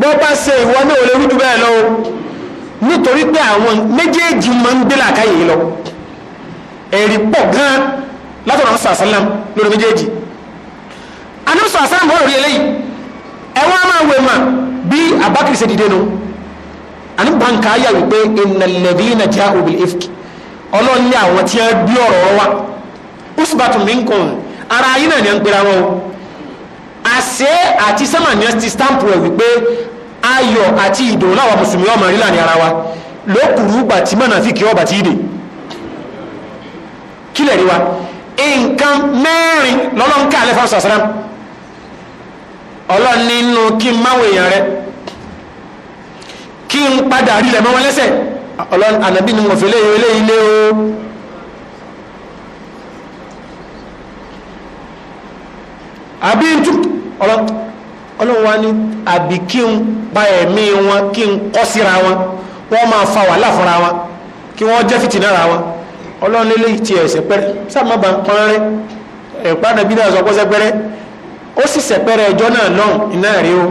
Speaker 1: bọ́ ṣe ìwọ náà ò lè rújú bẹ́ẹ̀ lọ nítorí pé àwọn méjèèjì máa ń gbé làkáyè lọ ẹ̀rí pọ̀ gan-an látọ̀nà sàṣálàm lórí méjèèjì anamsọ asan bọ́ lórí eleyi ẹ̀wọ́n a awo ma bi bí abakiri ṣe dìde nù àní a ayà wípé innalladhina ja'u bil ifki ọlọ́run ní àwọn wa usbatu ara anyị na ni à ń o ti stamp rẹ̀ ayọ ati àti ìdùnnú wa mùsùlùmí ọmọ rí ara wa lókùrú gbàtí ọba ti ọlọ́run nínú kí n máwò èèyàn rẹ kí n padà rí lẹ̀ mọ́ wọn lẹ́sẹ̀ ọlọ́run ànábì ni mo fi léyìn eléyìí lé o. àbí ọlọ́run wa àbí kí n ba ẹ̀mí wọn kí n kọ́ síra wọn wọ́n máa fa wàhálà fúnra wọn kí wọ́n jẹ́ fìtì wọn ọlọ́run ti ẹ̀sẹ̀ ó sì sẹ̀pẹ̀rẹ̀ ẹjọ́ náà lọ́hùn iná rí o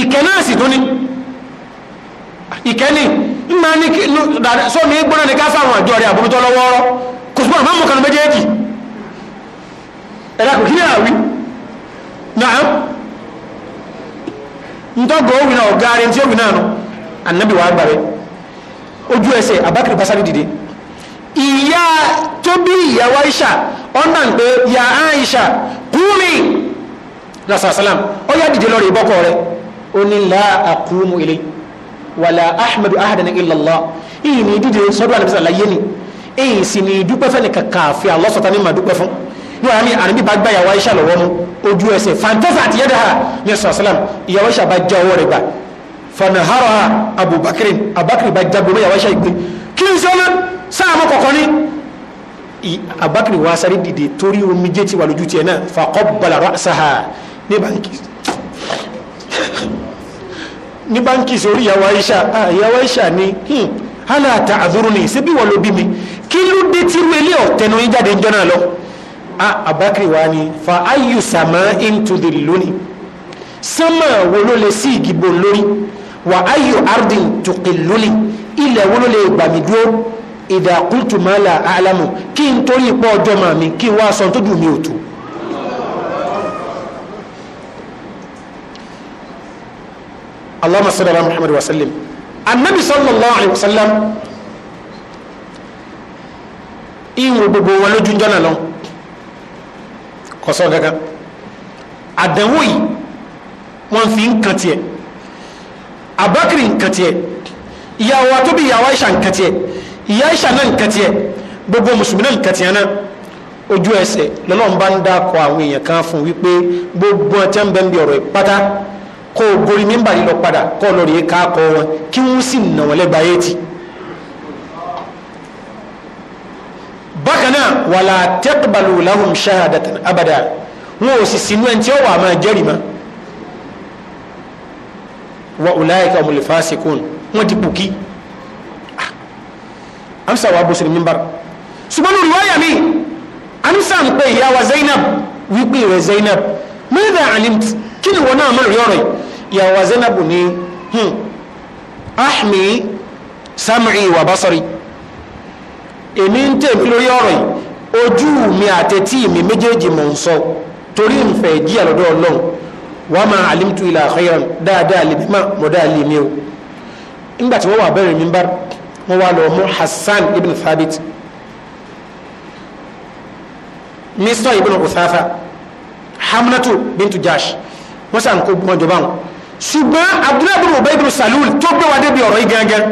Speaker 1: ìkẹ́ náà sì tún ní ìkẹ́ ní ńlá ní sọ́ọ̀nù gbọ́nà ní ká fáwọn àjọ rẹ̀ àbúrútọ́ lọ́wọ́ ọ̀rọ̀ kò sí bọ́ọ̀nù máa mú kanu méjèèjì ẹ̀dá kò kí ní àwí náà ntọ́gọ̀ òwì náà ọ̀gá rẹ̀ tí ó wì náà nù ànábì wàá gbàrẹ́ ojú ẹsẹ̀ abákìrì pásárì dìde ìyá tó bí ìyàwó Aisha ọ̀nà ń pé ya Aisha kúmi rasasalam ó yá dìde lọ rí bọ́kọ̀ rẹ̀ ó ní la aqumu ilé wàlà ahmadu ahadan illallah ìyìn ní dídì sọ́dọ̀ àlẹ́bísà láyé ni èyí sì ní dúpẹ́ fẹ́ni kàkà àfi àlọ́sọ̀tà ní màá dúpẹ́ fún ní wàá ní àrùnbí bá gbá ìyàwó Aisha lọ́wọ́ mu ojú ẹsẹ̀ fantafa àti yẹ́dà ha ní rasasalam ìyàwó Aisha bá já owó rẹ̀ gbà fanahara abubakar abubakar bá já gbogbo ìyàwó Aisha ìgbé kí n sọ́nà sáàmù kọ̀kọ́ ní abakiri wa sáré dìde torí omijé ti wà lójú tiẹ̀ náà faqabbala ra'saha ní báńkì ní báńkì sórí ìyàwó aisha ìyàwó aisha ní hálà hmm, ta'dhuruni síbí wọ́n ló bí mi kí ló dé tí irú ilé ọ̀tẹnu yín jáde ń jọ náà abakiri wa ni fa ayu sama into the lónìí sánmà wo ló lè sí ìgìbò lórí wà ayu ardin tuqilluni ilẹ̀ wo ló lè gbàmí dúró ìdàkùtù mọ́là àlámù kí n torí ipò ọjọ́ màá mi kí n wá sọ tó jù mí ò tó. ala Muhammad wa sallim annabi sallallahu alaihi wa sallam ìwò gbogbo wọn lójú ń jọ́nà lọ kọ̀sọ́ àdánwò yìí wọ́n fi ń kan tiẹ̀ abakiri ń kan tiẹ̀ ìyàwó àtóbi ìyàwó àìsàn ń kan tiẹ̀ ìyá ìṣà náà nǹkan tiẹ̀ gbogbo mùsùlùmí náà nǹkan tiẹ̀ náà ojú ẹsẹ̀ lọ́lọ́run bá ń dákọ àwọn èèyàn kan fún wípé gbogbo ọtí ń bẹ ń bí ọ̀rọ̀ ìpátá kó o gorí mímbà lílọ padà kó o lọ rèé ká kọ wọn kí wọ́n sì nà wọ́n lẹ́gbàá yé ti. bákan náà wàlá taqbalu lahum shahadatan abada wọn ò sì sinú ẹni tí ó wà máa jẹ́rìí mọ́ wa ulaika humul fasikun wọ́n ti pùkí amsa wa bosiri mimbar ṣùgbọ́n riwaya mi amsa ń pè ìyá wa zainab wípé rẹ̀ zainab mẹ́ta alimt kí ni wọn náà mọ̀ rí ọ̀rọ̀ ìyá wa zainab ni hmm, ahmi sam'i wa basari èmi ń tẹ̀ mí lórí ọ̀rọ̀ yìí ojú mi àtẹ̀tí mi méjèèjì mò ń sọ torí ń fẹ́ jí àlọ́dọ̀ ọlọ́run wà máa alimtu ila khayran dáadáa lè bí mọ̀ dáa lè mí o nígbà tí wọ́n wà bẹ́ẹ̀ mi bá wọ́n wá lọ mú Hassan ibn Thabit Misra ibn Uthatha Hamnatu bintu Jash wọ́n sàn kó wọn jọba wọn ṣùgbọ́n Abdullahi ibn Ubay ibn Salul tó gbé wa débi ọ̀rọ̀ yìí gángan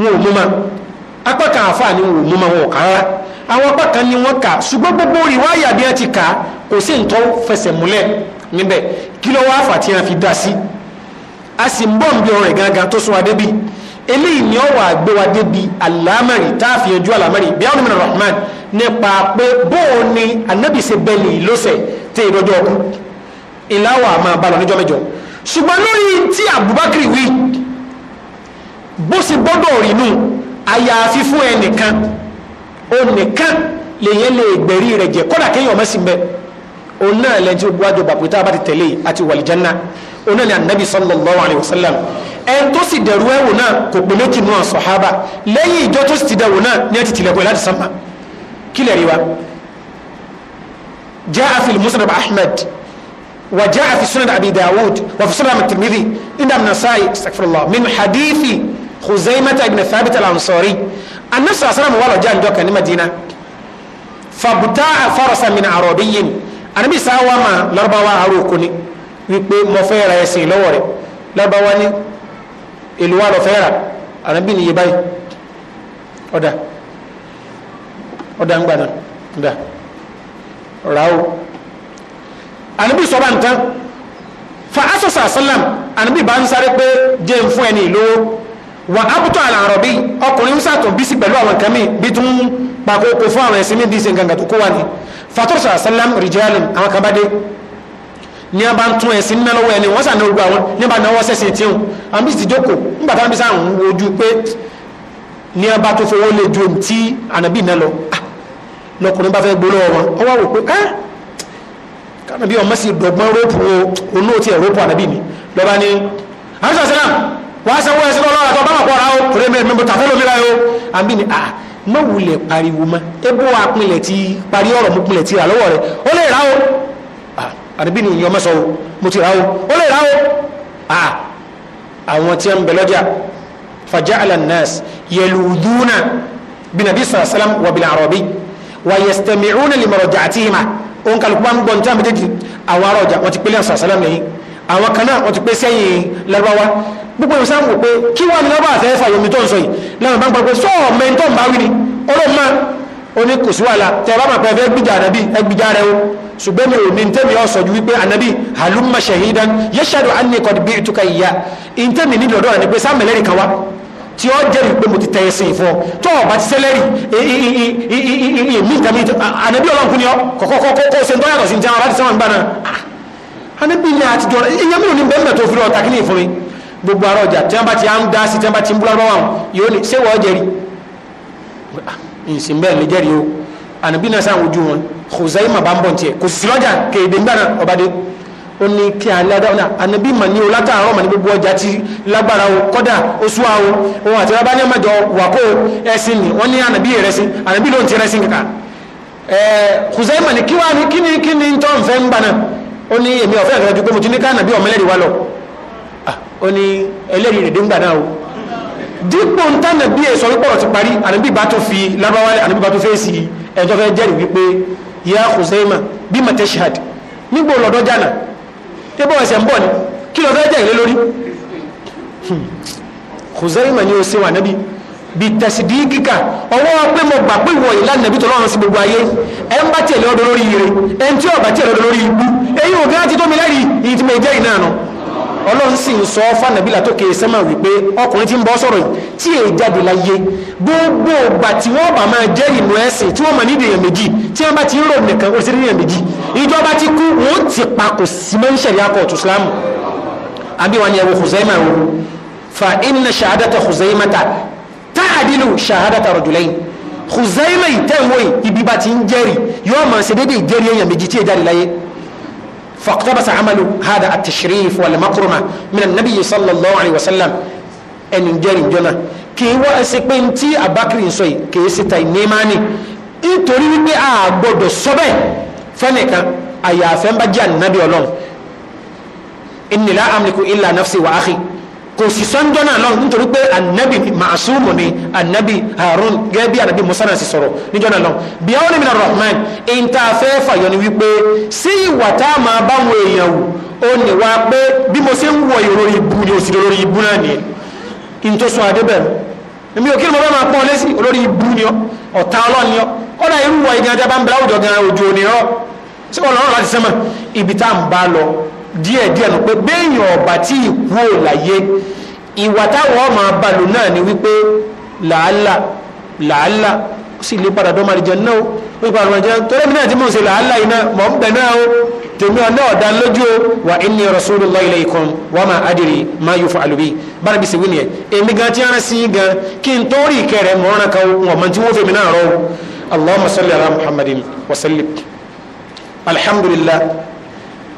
Speaker 1: wọn ò mú ma apá kan àfa ni wọn ò mú ma wọn ò kàn án àwọn apá kan ni wọn kà ṣùgbọ́n gbogbo ìwáyà bí wọn ti kà kò sí ntọ́ fẹsẹ̀ múlẹ̀ níbẹ̀ kí ló wá fà tí wọn fi dá sí a sì ń bọ̀ ń bí ọ̀rẹ́ gangan tó sún wa débi eléyìí ni ó wà gbé wa débi alámẹ́rì tá a alámẹ́rì bí àwọn ọmọ rahman nípa pé bóun ni anabi ṣe bẹ́ẹ̀lì lọ́sẹ̀ tẹ ìdọ́jọ́ ọkú ìláwọ̀ àmọ́ abalọ̀ níjọ́ mẹ́jọ ṣùgbọ́n lórí tí abubakar wí bó ṣe gbọ́dọ̀ rínú àyàfi fún ẹnìkan onìkan lèyẹn lè gbẹ̀rí rẹ̀ jẹ́ kódà kéèyàn ọmọ sí òun náà lẹ́yìn tí ó gbọ́ àjọba onílẹ̀ anabi sallallahu alayhi wa sallam ẹn tó sì dẹ̀rú ẹ̀wò náà kò pé méjì nù sọ̀hábà lẹ́yìn ìjọ tó sì ti dẹ̀wò náà ní ẹtì tilẹ̀kùn láti sánmà kí lè rí wa jaa fil musnad ahmed wa jaa fi sunan abi dawud wa fi sunan tirmidhi inda min nasaayi astaghfirullah min hadithi khuzaimata ibn thabit al-ansari annabi sallallahu alayhi wa ní madina fabutaa farasa min arabiyin anabi sáwa ma larabawa arokuni wípé mo fẹ́ ra ẹ̀sìn lọ́wọ́ rẹ̀ lábáwá ní èlò wa lọ fẹ́ rà ànábì níye báyìí ọ̀dà ọ̀dà ń gbà náà ọ̀dà rà ó ànábì sọ́ba nǹkan fa asọ́sọ́ àsálàm ànábì bá ń sáré pé jẹ́ ń fún ẹni ìlówó wà ábùtọ́ àlàrọ̀ bí ọkùnrin ń sàtọ̀ bí sí pẹ̀lú àwọn nǹkan mi bí tún pàkókò fún àwọn ẹ̀sìn mi bí ṣe nǹkan kan tó kó wà ní fatọ́sọ̀ àsálàm rìjẹ́lìm àwọn kan bá dé ní a bá ń tún ẹ̀sìn mẹ́lọ́wọ́ ẹni wọ́n sàná ogun àwọn ní a bá náwọ́ sẹ́sìn tí ó àmì sì ti jókòó nígbà tá a bí sáà ń wojú pé ní a bá tó fowó lè ju ohun tí ànábì náà lọ lọkùnrin bá fẹ́ gbó lọ́wọ́ wọn ọwọ́ wò pé ẹ́ kánàbí ọmọ sì dọ̀gbọ́n róòpù o onú ti ẹ̀ róòpù ànábì mi lọ́ba ni àbísọ̀ sẹ́nà wàá sanwó ẹ̀sìn ah mọ̀wulẹ̀ pariwo mọ́ ebó apilẹ̀ ti parí ọ̀rọ̀ mú pilẹ̀ ti rà lọ́wọ́ rẹ̀ àdúgbò ní ìyọmọ sọ mo ti ra o ó lè ra o àwọn tí ń bẹ lọ́jà fàjà alannas yẹlùdúnà bìnàbí sàlám wàbìlà àrọ̀bí wàyẹsẹ̀mìrún lè mọ̀rọ̀ jà àti ìmà òun kàlùkù bá ń gbọ́n tí a méjèèjì àwọn ará ọjà wọn ti pélé sàlám lẹ́yìn àwọn kan náà wọ́n ti pé sẹ́yìn lẹ́rọ̀wá gbogbo ìwé sáà ń wò pé kí wọ́n ní lọ́bà àfẹ́ fàyọmí tó ń sọ yìí lẹ́nu bá ń gbọ́ pé sọ́ọ̀ mẹ́ntọ́ oní kò sí wàhálà tẹ̀rọ àmà pẹ̀fẹ́ gbìjà ànábì ẹgbìjà rẹ̀ o ṣùgbọ́n mi ò ní tẹ́mi ọ sọ̀jú wípé ànábì halumma shahidan yashadu anni qad bi'tuka ìyá ìtẹ́mi ní lọ́dọ̀ rẹ̀ ni pé sáàmẹ̀lẹ́rì kan wá tí ó jẹ́rìí pé mo ti tẹ̀ ẹsẹ̀ ìfọ́ tó ọ̀bá ti sẹ́lẹ̀rì èmi ìtàmì ànábì ọlọ́nkú ni ọ kọ̀kọ́kọ́ ṣe ń tọ́yàtọ̀ sí jẹun aláti sáwọn gbáná ànábì ni àtijọ́ ìyẹn mi ò ní nsìn bẹ́ẹ̀ lè jẹ́rìí o ànàbí náà sáà wojú wọn kòsáyé mà bá ń bọ̀ tiẹ̀ kò sí lọ́jà kéde ń bára ọ̀bàdé ó ní kí alẹ́ adá ọ̀nà ànàbí mà ní o látàárọ̀ mà ní gbogbo ọjà ti lágbára o kọ́dà oṣù àwo òun àti ọba ní ọmọdé wà kó ẹsìn ni wọ́n ní ànàbí rẹsìn ànàbí ló ń ti rẹsìn kàkà kòsáyé mà ní kí wàá ní kí ni kí ni tó ń fẹ́ ń bá náà ó ní èmi ọ̀fẹ́ àgbẹ̀rẹ̀ ju pé mo ti ní ká ànàbí ọ̀mẹ́lẹ́rìí wa ah, ẹlẹ́rìí rèé dé dípò ń tánà bí èso wípé ọ̀rọ̀ ti parí ànábì bá tó fi lábáwálẹ̀ ànábì bá tó fẹ́ sí ẹ̀tọ́ fẹ́ jẹ́rìí wípé ya Khuzaima bí matashihad nígbò lọ́dọ́ jànà tébọ̀ ẹ̀sẹ̀ ń bọ̀ ni kí lọ fẹ́ jẹ́ ìlé lórí hmm. Khuzaima ni ó ṣe wà nábì bí tẹ̀sìdì kíkà ọwọ́ pé mo gbà pé ìwọ̀nyí lánàbí tó lọ́rùn sí gbogbo ayé ẹ ń bá tiẹ̀ lọ́dọ̀ lórí ire ẹ ń tí ọ̀bà tiẹ̀ lọ́dọ̀ lórí ibú èyí ò gán ti tó ọlọ́run sì ń sọ fànàbílà tó kéré sẹ́mà wípé ọkùnrin tí ń bọ́ sọ̀rọ̀ tí èyí jáde láyé gbogbo ìgbà tí wọ́n bá máa jẹ́ ìmọ̀ ẹ̀sìn tí wọ́n máa nídìí èèyàn méjì tí wọ́n bá ti ń rò nìkan ó sì rí èèyàn méjì ìjọba ti kú wọ́n ti pa kò sí mọ́ ìṣẹ̀lẹ̀ akọ̀ọ̀tù islam àbí wọn ni ẹ̀wọ̀ Khuzaima wo fa inna shahadata Khuzaima ta ta'dilu shahadata rajulayn Khuzaima yìí ibi bá ti ń jẹ́rìí yóò máa ṣe déédéé ìjẹ́rìí èèyàn méjì tí èyí jáde láyé فاقتبس عمل هذا التشريف والمكرمة من النبي صلى الله عليه وسلم أن جري جنة كي بنتي أبكر سوي كي ستاي نيماني nítorí wípé a gbọdọ̀ sọ́bẹ̀ fẹ́nìkan àyàfẹ́ ń bá jẹ́ ànábì ọlọ́run inni la amliku illa nafsi wa akhi kò sì sánjọ́ náà lọ́rùn nítorí pé anabi maasumu ni anabi harun gẹ́gẹ́ bí anabi musa náà sì sọ̀rọ̀ níjọ́ náà lọ bí àwọn ènìyàn rahman èyí tá a fẹ́ fàyọ ni wípé sí ìwà tá a máa bá wọn èèyàn wò ó ní wá pé bí mo ṣe ń wọ ìròrí ibu ni òsì lórí ibu náà nìyẹn ìtòsùn àdébẹ̀rẹ̀ èmi ò kí ni mo bá máa pọ́n lé sí olórí ibu ni ọ̀tá ọlọ́ni ọ kọ́dà irú wọ igi ajá bá ń bẹ láwùjọ gan ojú òní ọ sí ọlọ́run láti sẹ́mọ̀ ibi tá à ń bá lọ díẹ̀díẹ̀ nù pé béèyàn ọ̀bà tí ì kú ò ìwà táwọn ọmọ abalò náà ni wípé làálà làálà sì lè padà dọ́mọ àlìjẹ náà ó wípé àwọn àlìjẹ torí mi náà ti mọ̀ sí làálà iná mọ̀ ń bẹ̀ náà ó tèmi ọ̀nà ọ̀dà lójú ó wà inni rasulullahi ilaykum wa ma adri ma yuf'alu bi bára bí sèwé nìyẹn èmi gan ti rán sí gan kí n tó rí ìkẹrẹ mọ̀ọ́nà kan wọ̀n mọ̀ tí wọ́n fèmí náà rọ́ Allahumma salli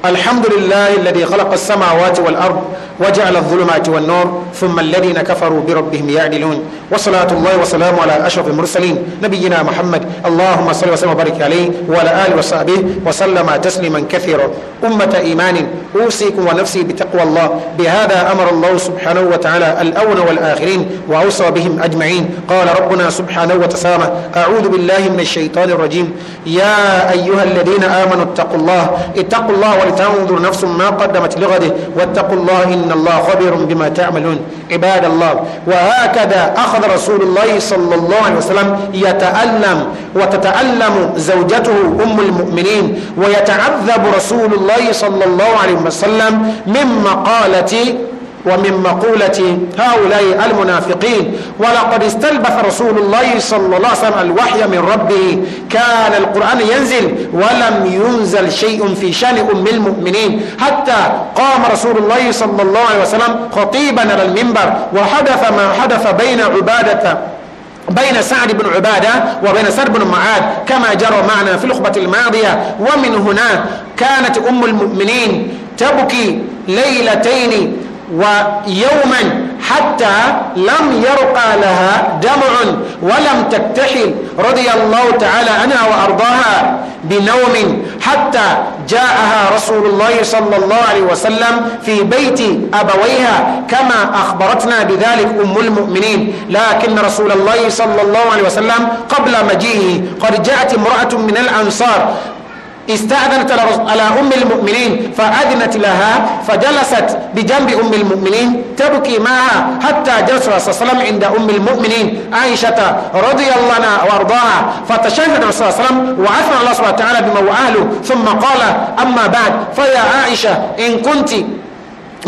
Speaker 1: الحمد لله الذي خلق السماوات والأرض وجعل الظلمات والنور ثم الذين كفروا بربهم يعدلون وصلاة الله وسلام على أشرف المرسلين نبينا محمد اللهم صل وسلم وبارك عليه وعلى آله وصحبه وسلم تسليما كثيرا أمة إيمان أوصيكم ونفسي بتقوى الله بهذا أمر الله سبحانه وتعالى الأول والآخرين وأوصى بهم أجمعين قال ربنا سبحانه وتسامى أعوذ بالله من الشيطان الرجيم يا أيها الذين آمنوا اتقوا الله اتقوا الله ولتنظر نفس ما قدمت لغده واتقوا الله إن الله خبير بما تعملون عباد الله وهكذا أخذ هذا رسول الله صلى الله عليه وسلم يتألم وتتألم زوجته أم المؤمنين ويتعذب رسول الله صلى الله عليه وسلم من مقالة ومن مقولة هؤلاء المنافقين ولقد استلبث رسول الله صلى الله عليه وسلم الوحي من ربه كان القرآن ينزل ولم ينزل شيء في شأن أم المؤمنين حتى قام رسول الله صلى الله عليه وسلم خطيبا على المنبر وحدث ما حدث بين عبادة بين سعد بن عبادة وبين سعد بن معاذ كما جرى معنا في الخبة الماضية ومن هنا كانت أم المؤمنين تبكي ليلتين ويوما حتى لم يرقى لها دمع ولم تكتحل رضي الله تعالى عنها وأرضاها بنوم حتى جاءها رسول الله صلى الله عليه وسلم في بيت أبويها كما أخبرتنا بذلك أم المؤمنين لكن رسول الله صلى الله عليه وسلم قبل مجيئه قد جاءت امرأة من الأنصار استأذنت على أم المؤمنين فأذنت لها فجلست بجنب أم المؤمنين تبكي معها حتى جلس الله صلى الله عليه وسلم عند أم المؤمنين عائشة رضي الله عنها وأرضاها فتشهد الله صلى الله عليه وسلم وعثنا الله سبحانه وتعالى بما وأهله ثم قال أما بعد فيا عائشة إن كنت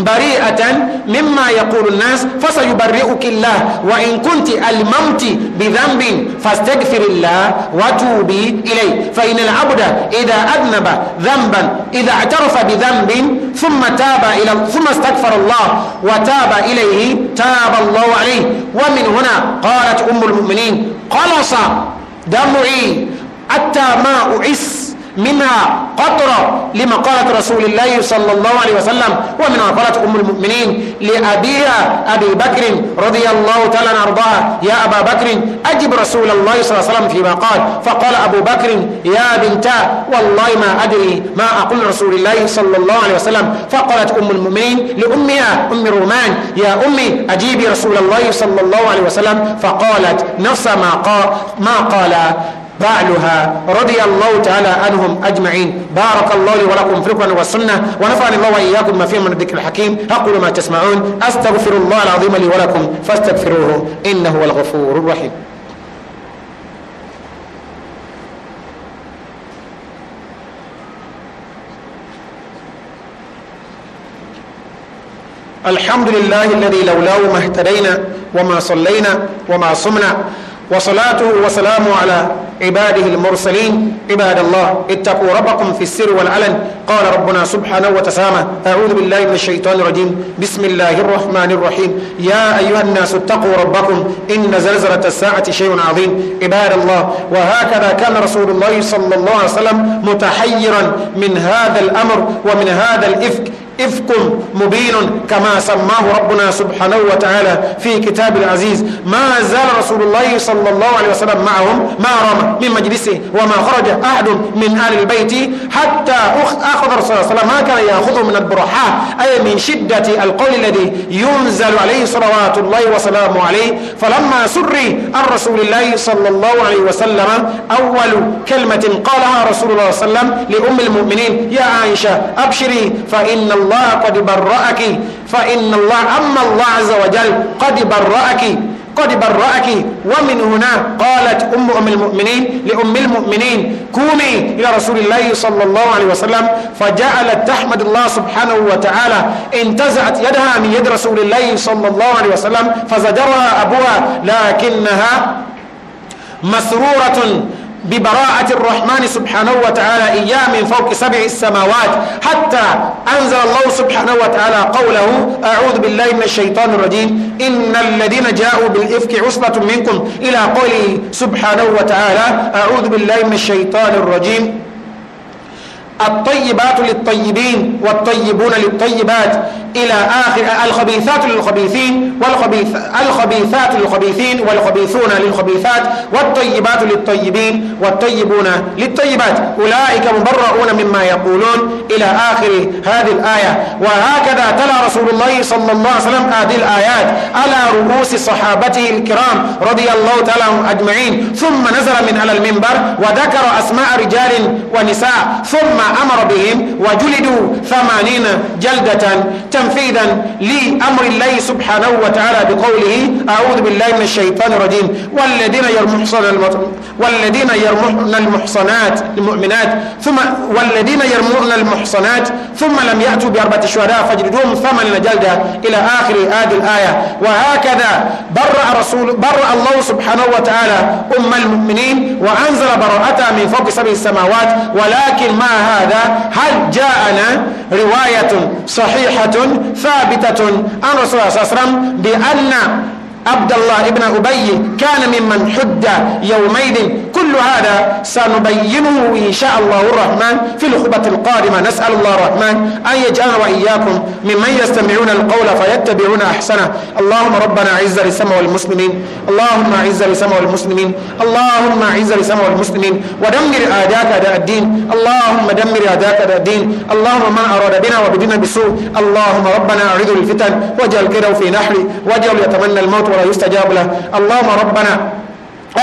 Speaker 1: bari'atan mimma yaqulu an-nas fasayubari'uki Allah wa in kunti almamti bi dhanbin fastaghfirillah wa tubi ilay fa inal abda idha adnaba dhanban idha i'tarafa bi dhanbin thumma taba ila thumma istaghfara Allah wa taba ilayhi taba Allah alayhi wa min huna qalat ummul mu'minin qalasa dam'i hatta ma u'is منها قطرة لمقالة رسول الله صلى الله عليه وسلم ومنها قالت أم المؤمنين لأبيها أبي بكر رضي الله تعالى أرضاها يا أبا بكر أجب رسول الله صلى الله عليه وسلم فيما قال فقال أبو بكر يا بنتا والله ما أدري ما أقول رسول الله صلى الله عليه وسلم فقالت أم المؤمنين لأمها أم الرومان يا أمي أجيبي رسول الله صلى الله عليه وسلم فقالت نفس ما قال, ما قال بعلها رضي الله تعالى عنهم أجمعين بارك الله لي ولكم في القرآن والسنة ونفعني الله وإياكم ما فيه من الذكر الحكيم أقول ما تسمعون أستغفر الله العظيم لي ولكم فاستغفروه إنه هو الغفور الرحيم الحمد لله الذي لولاه ما اهتدينا وما صلينا وما صمنا وصلاته وسلامه على عباده المرسلين عباد الله اتقوا ربكم في السر والعلن قال ربنا سبحانه وتسامى أعوذ بالله من الشيطان الرجيم بسم الله الرحمن الرحيم يا أيها الناس اتقوا ربكم إن زلزلة الساعة شيء عظيم عباد الله وهكذا كان رسول الله صلى الله عليه وسلم متحيرا من هذا الأمر ومن هذا الإفك إفك مبين كما سماه ربنا سبحانه وتعالى في كتاب العزيز ما زال رسول الله صلى الله عليه وسلم معهم ما رمى من مجلسه وما خرج أحد من آل البيت حتى أخذ رسول الله صلى الله عليه وسلم ما كان يأخذه من البرحاء أي من شدة القول الذي ينزل عليه صلوات الله وسلامه عليه فلما سري عن رسول الله صلى الله عليه وسلم أول كلمة قالها رسول الله صلى الله عليه وسلم لأم المؤمنين يا عائشة أبشري فإن الله الله قد برأك فإن الله أما الله عز وجل قد برأك قد برأك ومن هنا قالت أم أم المؤمنين لأم المؤمنين كوني إلى رسول الله صلى الله عليه وسلم فجعلت تحمد الله سبحانه وتعالى انتزعت يدها من يد رسول الله صلى الله عليه وسلم فزجرها أبوها لكنها مسرورة ببراءة الرحمن سبحانه وتعالى إياه من فوق سبع السماوات حتى أنزل الله سبحانه وتعالى قوله أعوذ بالله من الشيطان الرجيم إن الذين جاءوا بالإفك عصبة منكم إلى قوله سبحانه وتعالى أعوذ بالله من الشيطان الرجيم الطيبات للطيبين والطيبون للطيبات إلى آخر الخبيثات للخبيثين والخبيثات الخبيثات للخبيثين والخبيثون للخبيثات والطيبات للطيبين والطيبون للطيبات أولئك مبرؤون مما يقولون إلى آخر هذه الآية وهكذا تلا رسول الله صلى الله عليه وسلم هذه الآيات على رؤوس صحابته الكرام رضي الله تعالى عنهم أجمعين ثم نزل من على المنبر وذكر أسماء رجال ونساء ثم أمر بهم وجلدوا ثمانين جلدة تنفيذا لأمر الله سبحانه وتعالى بقوله أعوذ بالله من الشيطان الرجيم والذين يرمحصن والذين يرمحن المحصنات المؤمنات ثم والذين يرمون المحصنات ثم لم يأتوا بأربعة شهداء فجلدوهم ثمانين جلدة إلى آخر هذه الآية وهكذا برأ رسول برأ الله سبحانه وتعالى أم المؤمنين وأنزل براءتها من فوق سبع السماوات ولكن معها هذا هل جاءنا رواية صحيحة ثابتة عن رسول الله صلى الله عليه وسلم بأن عبد الله بن أبي كان ممن حد يومئذ كل هذا سنبينه إن شاء الله الرحمن في الخطبة القادمة نسأل الله الرحمن أن يجعلنا وإياكم ممن يستمعون القول فيتبعون أحسنه اللهم ربنا عز لسمع والمسلمين اللهم عز لسمع والمسلمين اللهم عز لسمع والمسلمين ودمر أعداءك أداء الدين اللهم دمر أعداءك أداء الدين اللهم من أراد بنا وبدنا بسوء اللهم ربنا أعرض الفتن واجعل كده في نحري واجعل يتمنى الموت ولا يستجاب له اللهم ربنا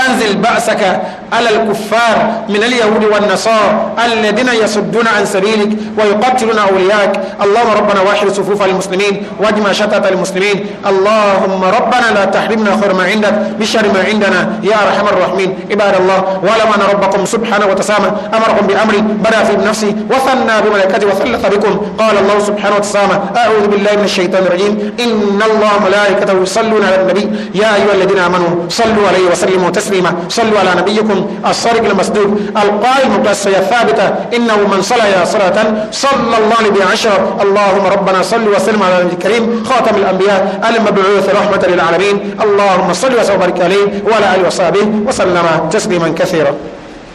Speaker 1: أنزل بأسك على الكفار من اليهود والنصارى الذين يصدون عن سبيلك ويقتلون أولياك اللهم ربنا واحد صفوف المسلمين واجمع شتات المسلمين اللهم ربنا لا تحرمنا خير ما عندك بشر ما عندنا يا أرحم الراحمين عباد الله ولم أن ربكم سبحانه وتسامى أمركم بأمري بدأ في بنفسي وثنى بملائكته وثلث بكم قال الله سبحانه وتسامى أعوذ بالله من الشيطان الرجيم إن الله ملائكته يصلون على النبي يا أيها الذين آمنوا صلوا عليه وسلموا تسليما صلوا على نبيكم الصادق المصدوق القائم مقدسية الثابتة إنه من صلى يا صلاة صلى الله عليه بعشر اللهم ربنا صل وسلم على النبي الكريم خاتم الأنبياء المبعوث رحمة للعالمين اللهم صل وسلم وبارك عليه وعلى آله وصحبه وسلم تسليما كثيرا